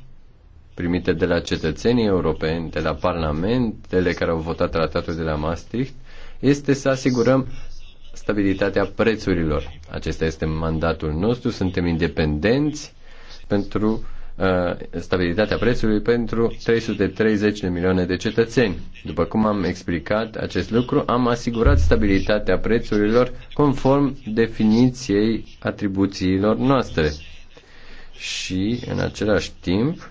primite de la cetățenii europeni, de la parlamentele care au votat tratatul de la Maastricht, este să asigurăm stabilitatea prețurilor. Acesta este mandatul nostru, suntem independenți pentru uh, stabilitatea prețului pentru 330 de milioane de cetățeni. După cum am explicat acest lucru, am asigurat stabilitatea prețurilor conform definiției atribuțiilor noastre. Și, în același timp,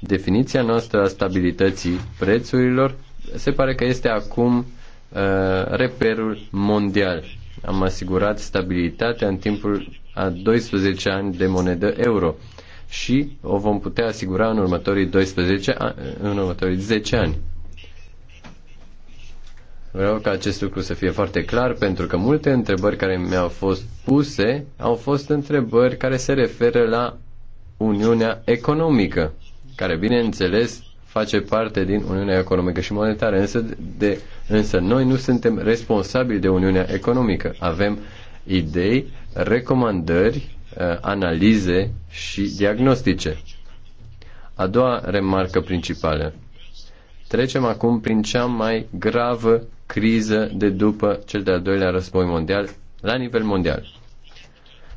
Definiția noastră a stabilității prețurilor se pare că este acum uh, reperul mondial. Am asigurat stabilitatea în timpul a 12 ani de monedă euro și o vom putea asigura în următorii 12 ani, în următorii 10 ani. Vreau ca acest lucru să fie foarte clar, pentru că multe întrebări care mi-au fost puse au fost întrebări care se referă la Uniunea Economică care, bineînțeles, face parte din Uniunea Economică și Monetară, însă, de, însă noi nu suntem responsabili de Uniunea Economică. Avem idei, recomandări, uh, analize și diagnostice. A doua remarcă principală. Trecem acum prin cea mai gravă criză de după cel de-al doilea război mondial, la nivel mondial.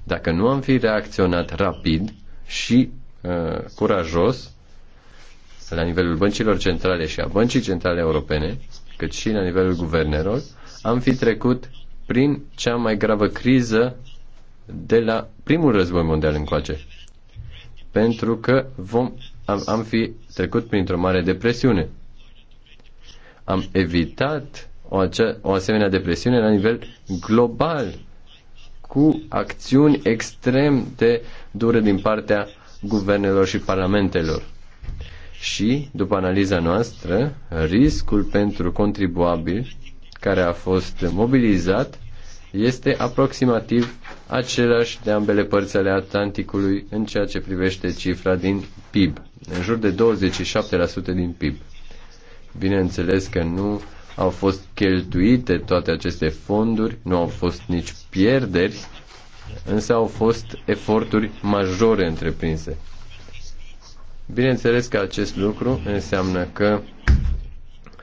Dacă nu am fi reacționat rapid și uh, curajos, la nivelul băncilor centrale și a băncii centrale europene, cât și la nivelul guvernelor, am fi trecut prin cea mai gravă criză de la primul război mondial încoace. Pentru că vom, am, am fi trecut printr-o mare depresiune. Am evitat o, acea, o asemenea depresiune la nivel global, cu acțiuni extrem de dure din partea guvernelor și parlamentelor și, după analiza noastră, riscul pentru contribuabil care a fost mobilizat este aproximativ același de ambele părți ale Atlanticului în ceea ce privește cifra din PIB, în jur de 27% din PIB. Bineînțeles că nu au fost cheltuite toate aceste fonduri, nu au fost nici pierderi, însă au fost eforturi majore întreprinse. Bineînțeles că acest lucru înseamnă că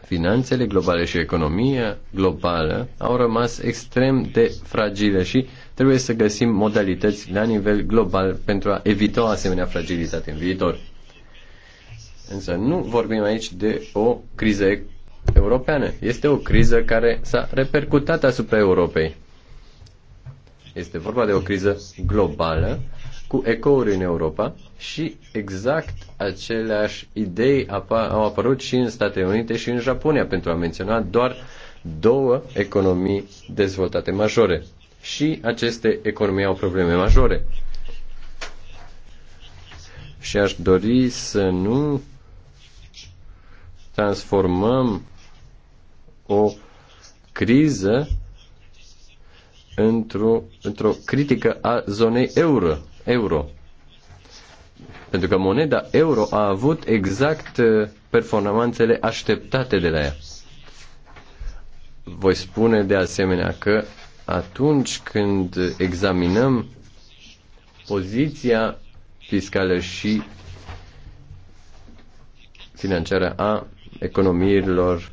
finanțele globale și economia globală au rămas extrem de fragile și trebuie să găsim modalități la nivel global pentru a evita o asemenea fragilitate în viitor. Însă nu vorbim aici de o criză europeană. Este o criză care s-a repercutat asupra Europei. Este vorba de o criză globală cu ecouri în Europa și exact aceleași idei au apărut și în Statele Unite și în Japonia, pentru a menționa doar două economii dezvoltate majore. Și aceste economii au probleme majore. Și aș dori să nu transformăm o criză într-o, într, -o, într -o critică a zonei euro euro. Pentru că moneda euro a avut exact uh, performanțele așteptate de la ea. Voi spune de asemenea că atunci când examinăm poziția fiscală și financiară a economiilor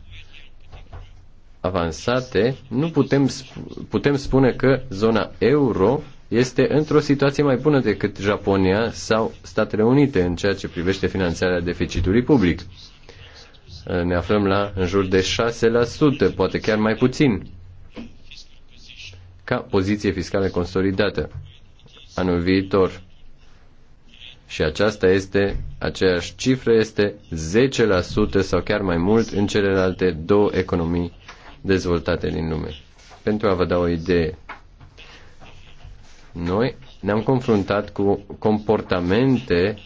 avansate, nu putem, putem spune că zona euro este într-o situație mai bună decât Japonia sau Statele Unite în ceea ce privește finanțarea deficitului public. Ne aflăm la în jur de 6%, poate chiar mai puțin, ca poziție fiscală consolidată anul viitor. Și aceasta este, aceeași cifră este 10% sau chiar mai mult în celelalte două economii dezvoltate din lume. Pentru a vă da o idee, noi ne-am confruntat cu comportamente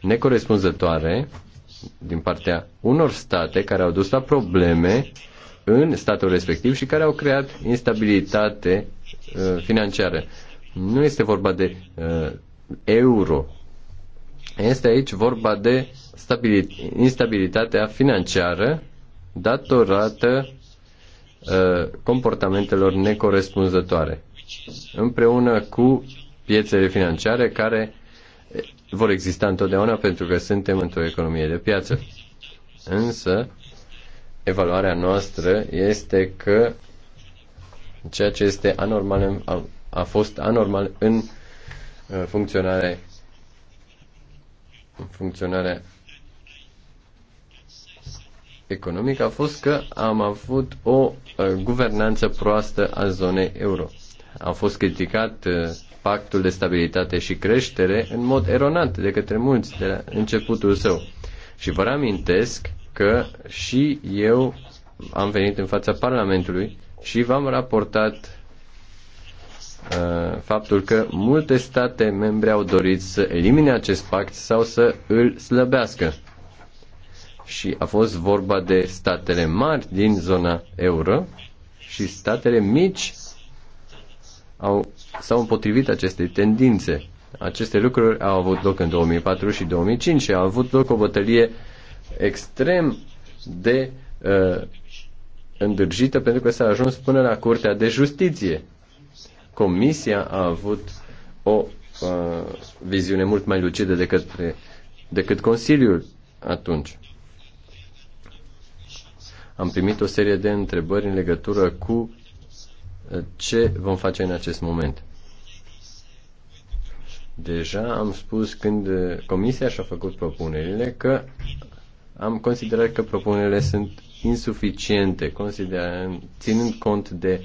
necorespunzătoare din partea unor state care au dus la probleme în statul respectiv și care au creat instabilitate uh, financiară. Nu este vorba de uh, euro. Este aici vorba de instabilitatea financiară datorată uh, comportamentelor necorespunzătoare împreună cu piețele financiare care vor exista întotdeauna pentru că suntem într-o economie de piață. Însă, evaluarea noastră este că ceea ce este anormal a, a fost anormal în uh, funcționare în funcționarea economică a fost că am avut o uh, guvernanță proastă a zonei euro au fost criticat uh, pactul de stabilitate și creștere în mod eronat de către mulți de la începutul său. Și vă reamintesc că și eu am venit în fața Parlamentului și v-am raportat uh, faptul că multe state membre au dorit să elimine acest pact sau să îl slăbească. Și a fost vorba de statele mari din zona euro și statele mici au, s-au împotrivit acestei tendințe. Aceste lucruri au avut loc în 2004 și 2005 și au avut loc o bătălie extrem de uh, îndârjită pentru că s-a ajuns până la Curtea de Justiție. Comisia a avut o uh, viziune mult mai lucidă decât, decât Consiliul atunci. Am primit o serie de întrebări în legătură cu ce vom face în acest moment. Deja am spus când uh, Comisia și-a făcut propunerile că am considerat că propunerile sunt insuficiente, ținând cont de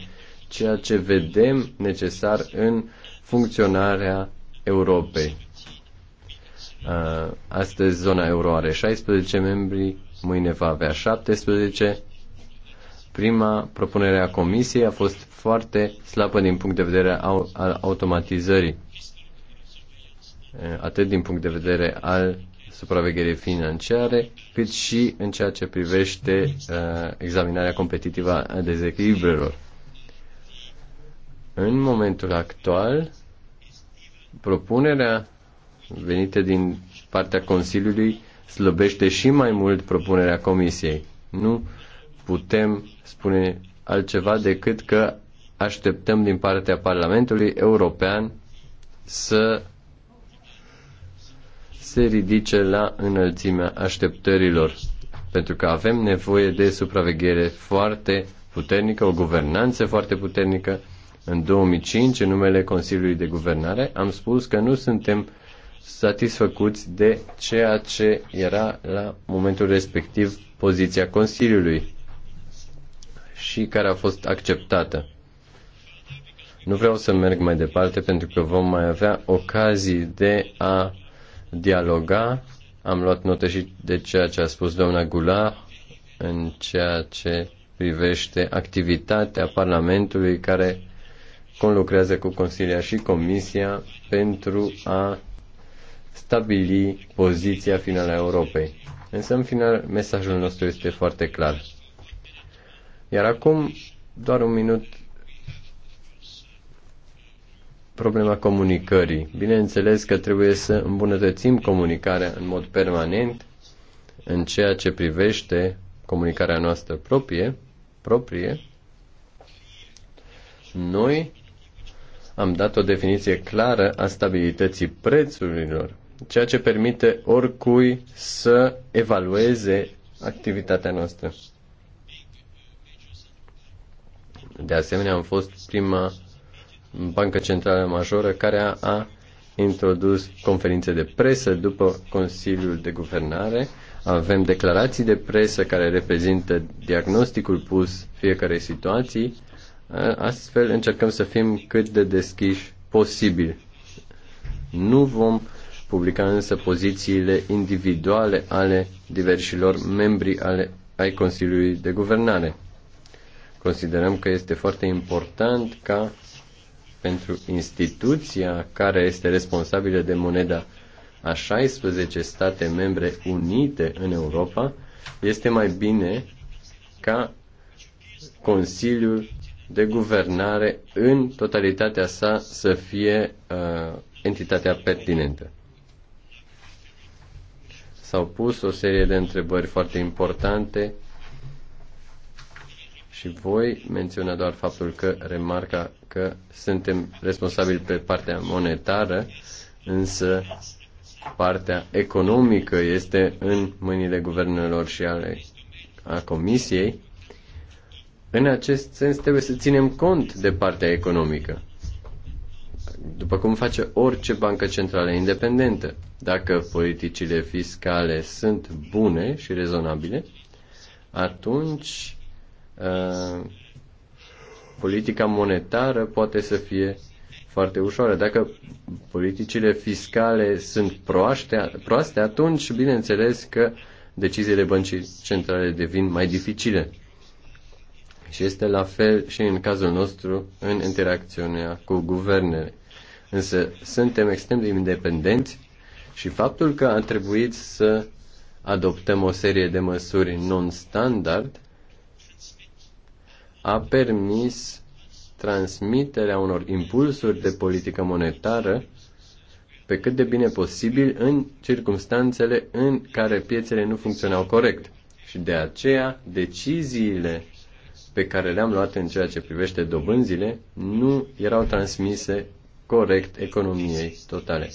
ceea ce vedem necesar în funcționarea Europei. Uh, astăzi zona euro are 16 membri, mâine va avea 17. Prima propunere a Comisiei a fost foarte slabă din punct de vedere al automatizării, eh, atât din punct de vedere al supravegherii financiare, cât și în ceea ce privește eh, examinarea competitivă a dezechilibrelor. În momentul actual, propunerea venită din partea Consiliului slăbește și mai mult propunerea Comisiei. Nu putem spune altceva decât că așteptăm din partea Parlamentului European să se ridice la înălțimea așteptărilor, pentru că avem nevoie de supraveghere foarte puternică, o guvernanță foarte puternică. În 2005, în numele Consiliului de Guvernare, am spus că nu suntem satisfăcuți de ceea ce era la momentul respectiv poziția Consiliului și care a fost acceptată. Nu vreau să merg mai departe pentru că vom mai avea ocazii de a dialoga. Am luat note și de ceea ce a spus doamna Goulart în ceea ce privește activitatea Parlamentului care conlucrează cu Consilia și Comisia pentru a stabili poziția finală a Europei. Însă, în final, mesajul nostru este foarte clar. Iar acum, doar un minut problema comunicării. Bineînțeles că trebuie să îmbunătățim comunicarea în mod permanent în ceea ce privește comunicarea noastră proprie, proprie. Noi am dat o definiție clară a stabilității prețurilor, ceea ce permite oricui să evalueze activitatea noastră. De asemenea, am fost prima bancă centrală majoră care a, a introdus conferințe de presă după Consiliul de Guvernare. Avem declarații de presă care reprezintă diagnosticul pus fiecarei situații. Astfel încercăm să fim cât de deschiși posibil. Nu vom publica însă pozițiile individuale ale diversilor membri ale, ai Consiliului de Guvernare. Considerăm că este foarte important ca pentru instituția care este responsabilă de moneda a 16 state membre unite în Europa, este mai bine ca Consiliul de Guvernare în totalitatea sa să fie uh, entitatea pertinentă. S-au pus o serie de întrebări foarte importante și voi menționa doar faptul că remarca că suntem responsabili pe partea monetară, însă partea economică este în mâinile guvernelor și ale a Comisiei. În acest sens trebuie să ținem cont de partea economică, după cum face orice bancă centrală independentă. Dacă politicile fiscale sunt bune și rezonabile, atunci Uh, politica monetară poate să fie foarte ușoară. Dacă politicile fiscale sunt proaste, proaste atunci, bineînțeles că deciziile băncii centrale devin mai dificile. Și este la fel și în cazul nostru în interacțiunea cu guvernele. Însă suntem extrem de independenți și faptul că a trebuit să adoptăm o serie de măsuri non-standard a permis transmiterea unor impulsuri de politică monetară pe cât de bine posibil în circumstanțele în care piețele nu funcționau corect. Și de aceea deciziile pe care le-am luat în ceea ce privește dobânzile nu erau transmise corect economiei totale.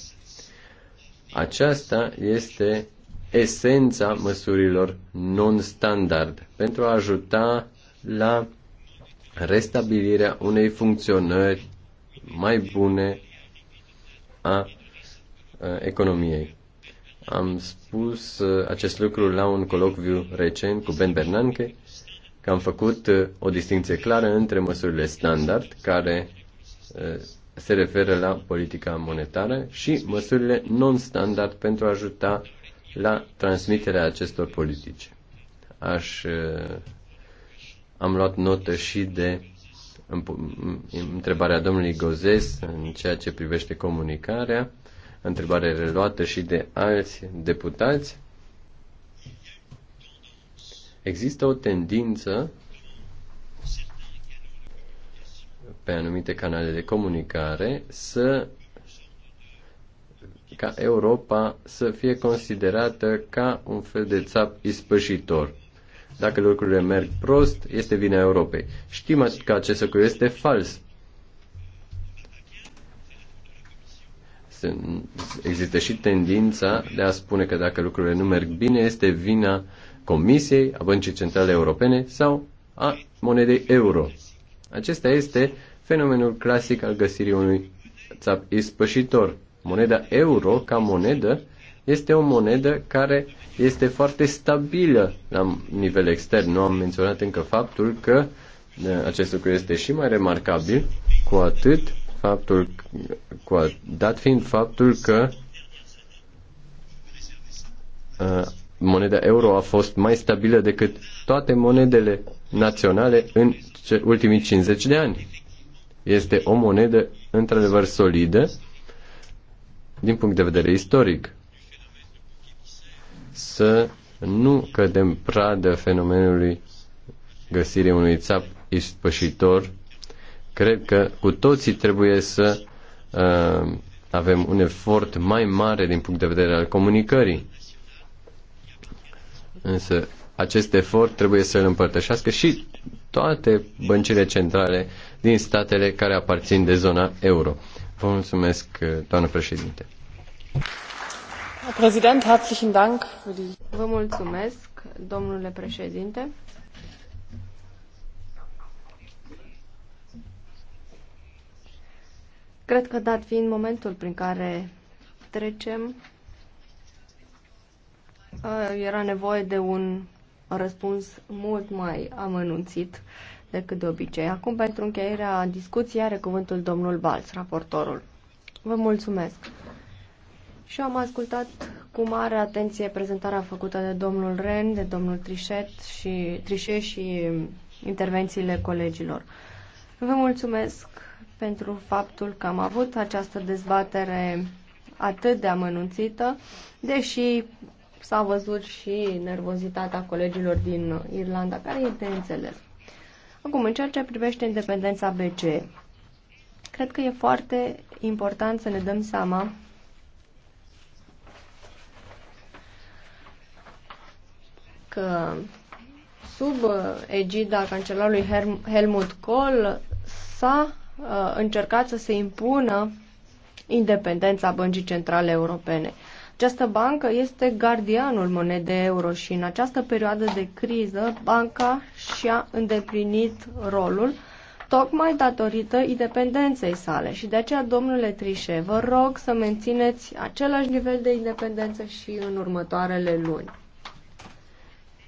Aceasta este esența măsurilor non-standard pentru a ajuta la restabilirea unei funcționări mai bune a economiei. Am spus acest lucru la un colocviu recent cu Ben Bernanke, că am făcut o distinție clară între măsurile standard, care se referă la politica monetară, și măsurile non-standard pentru a ajuta la transmiterea acestor politici. Aș am luat notă și de întrebarea domnului Gozes în ceea ce privește comunicarea, întrebare reluată și de alți deputați. Există o tendință pe anumite canale de comunicare să ca Europa să fie considerată ca un fel de țap ispășitor. Dacă lucrurile merg prost, este vina Europei. Știm că acest lucru este fals. Există și tendința de a spune că dacă lucrurile nu merg bine, este vina Comisiei, a Băncii Centrale Europene sau a monedei euro. Acesta este fenomenul clasic al găsirii unui țap ispășitor. Moneda euro, ca monedă, este o monedă care este foarte stabilă la nivel extern. Nu am menționat încă faptul că eh, acest lucru este și mai remarcabil, cu atât faptul, cu a dat fiind faptul că a, eh, moneda euro a fost mai stabilă decât toate monedele naționale în ce, ultimii 50 de ani. Este o monedă într-adevăr solidă din punct de vedere istoric să nu cădem pradă fenomenului găsirii unui țap ispășitor. Cred că cu toții trebuie să uh, avem un efort mai mare din punct de vedere al comunicării. Însă acest efort trebuie să îl împărtășească și toate băncile centrale din statele care aparțin de zona euro. Vă mulțumesc, uh, doamnă președinte. Vă mulțumesc, domnule președinte. Cred că dat fiind momentul prin care trecem, era nevoie de un răspuns mult mai amănunțit decât de obicei. Acum, pentru încheierea discuției, are cuvântul domnul Balț, raportorul. Vă mulțumesc și am ascultat cu mare atenție prezentarea făcută de domnul Ren, de domnul Trișet și, Trichet și intervențiile colegilor. Vă mulțumesc pentru faptul că am avut această dezbatere atât de amănunțită, deși s-a văzut și nervozitatea colegilor din Irlanda, care e de înțeles. Acum, în ceea ce privește independența BCE, cred că e foarte important să ne dăm seama că sub egida cancelarului Helmut Kohl s-a uh, încercat să se impună independența Băncii Centrale Europene. Această bancă este gardianul monedei euro și în această perioadă de criză banca și-a îndeplinit rolul tocmai datorită independenței sale și de aceea, domnule Trișe, vă rog să mențineți același nivel de independență și în următoarele luni.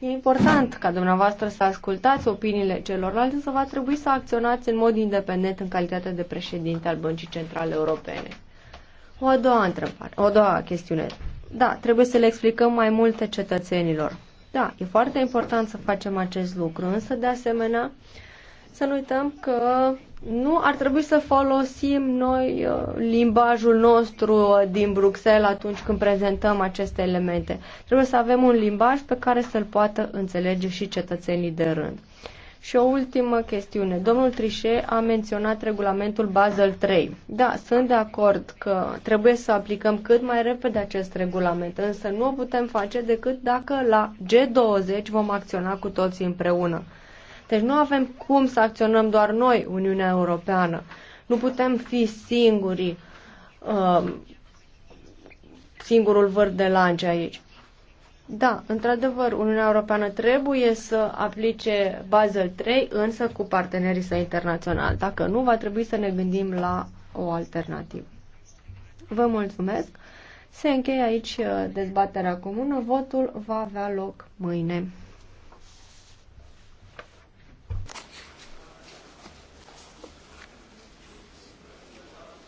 E important ca dumneavoastră să ascultați opiniile celorlalți, însă va trebui să acționați în mod independent în calitate de președinte al Băncii Centrale Europene. O a doua întrebare, o a doua chestiune. Da, trebuie să le explicăm mai multe cetățenilor. Da, e foarte important să facem acest lucru, însă de asemenea să nu uităm că nu ar trebui să folosim noi uh, limbajul nostru uh, din Bruxelles atunci când prezentăm aceste elemente. Trebuie să avem un limbaj pe care să-l poată înțelege și cetățenii de rând. Și o ultimă chestiune. Domnul Trișe a menționat regulamentul Basel 3. Da, sunt de acord că trebuie să aplicăm cât mai repede acest regulament, însă nu o putem face decât dacă la G20 vom acționa cu toții împreună. Deci nu avem cum să acționăm doar noi, Uniunea Europeană. Nu putem fi singuri, uh, um, singurul vârf de lance aici. Da, într-adevăr, Uniunea Europeană trebuie să aplice Basel 3, însă cu partenerii săi internaționali. Dacă nu, va trebui să ne gândim la o alternativă. Vă mulțumesc. Se încheie aici uh, dezbaterea comună. Votul va avea loc mâine.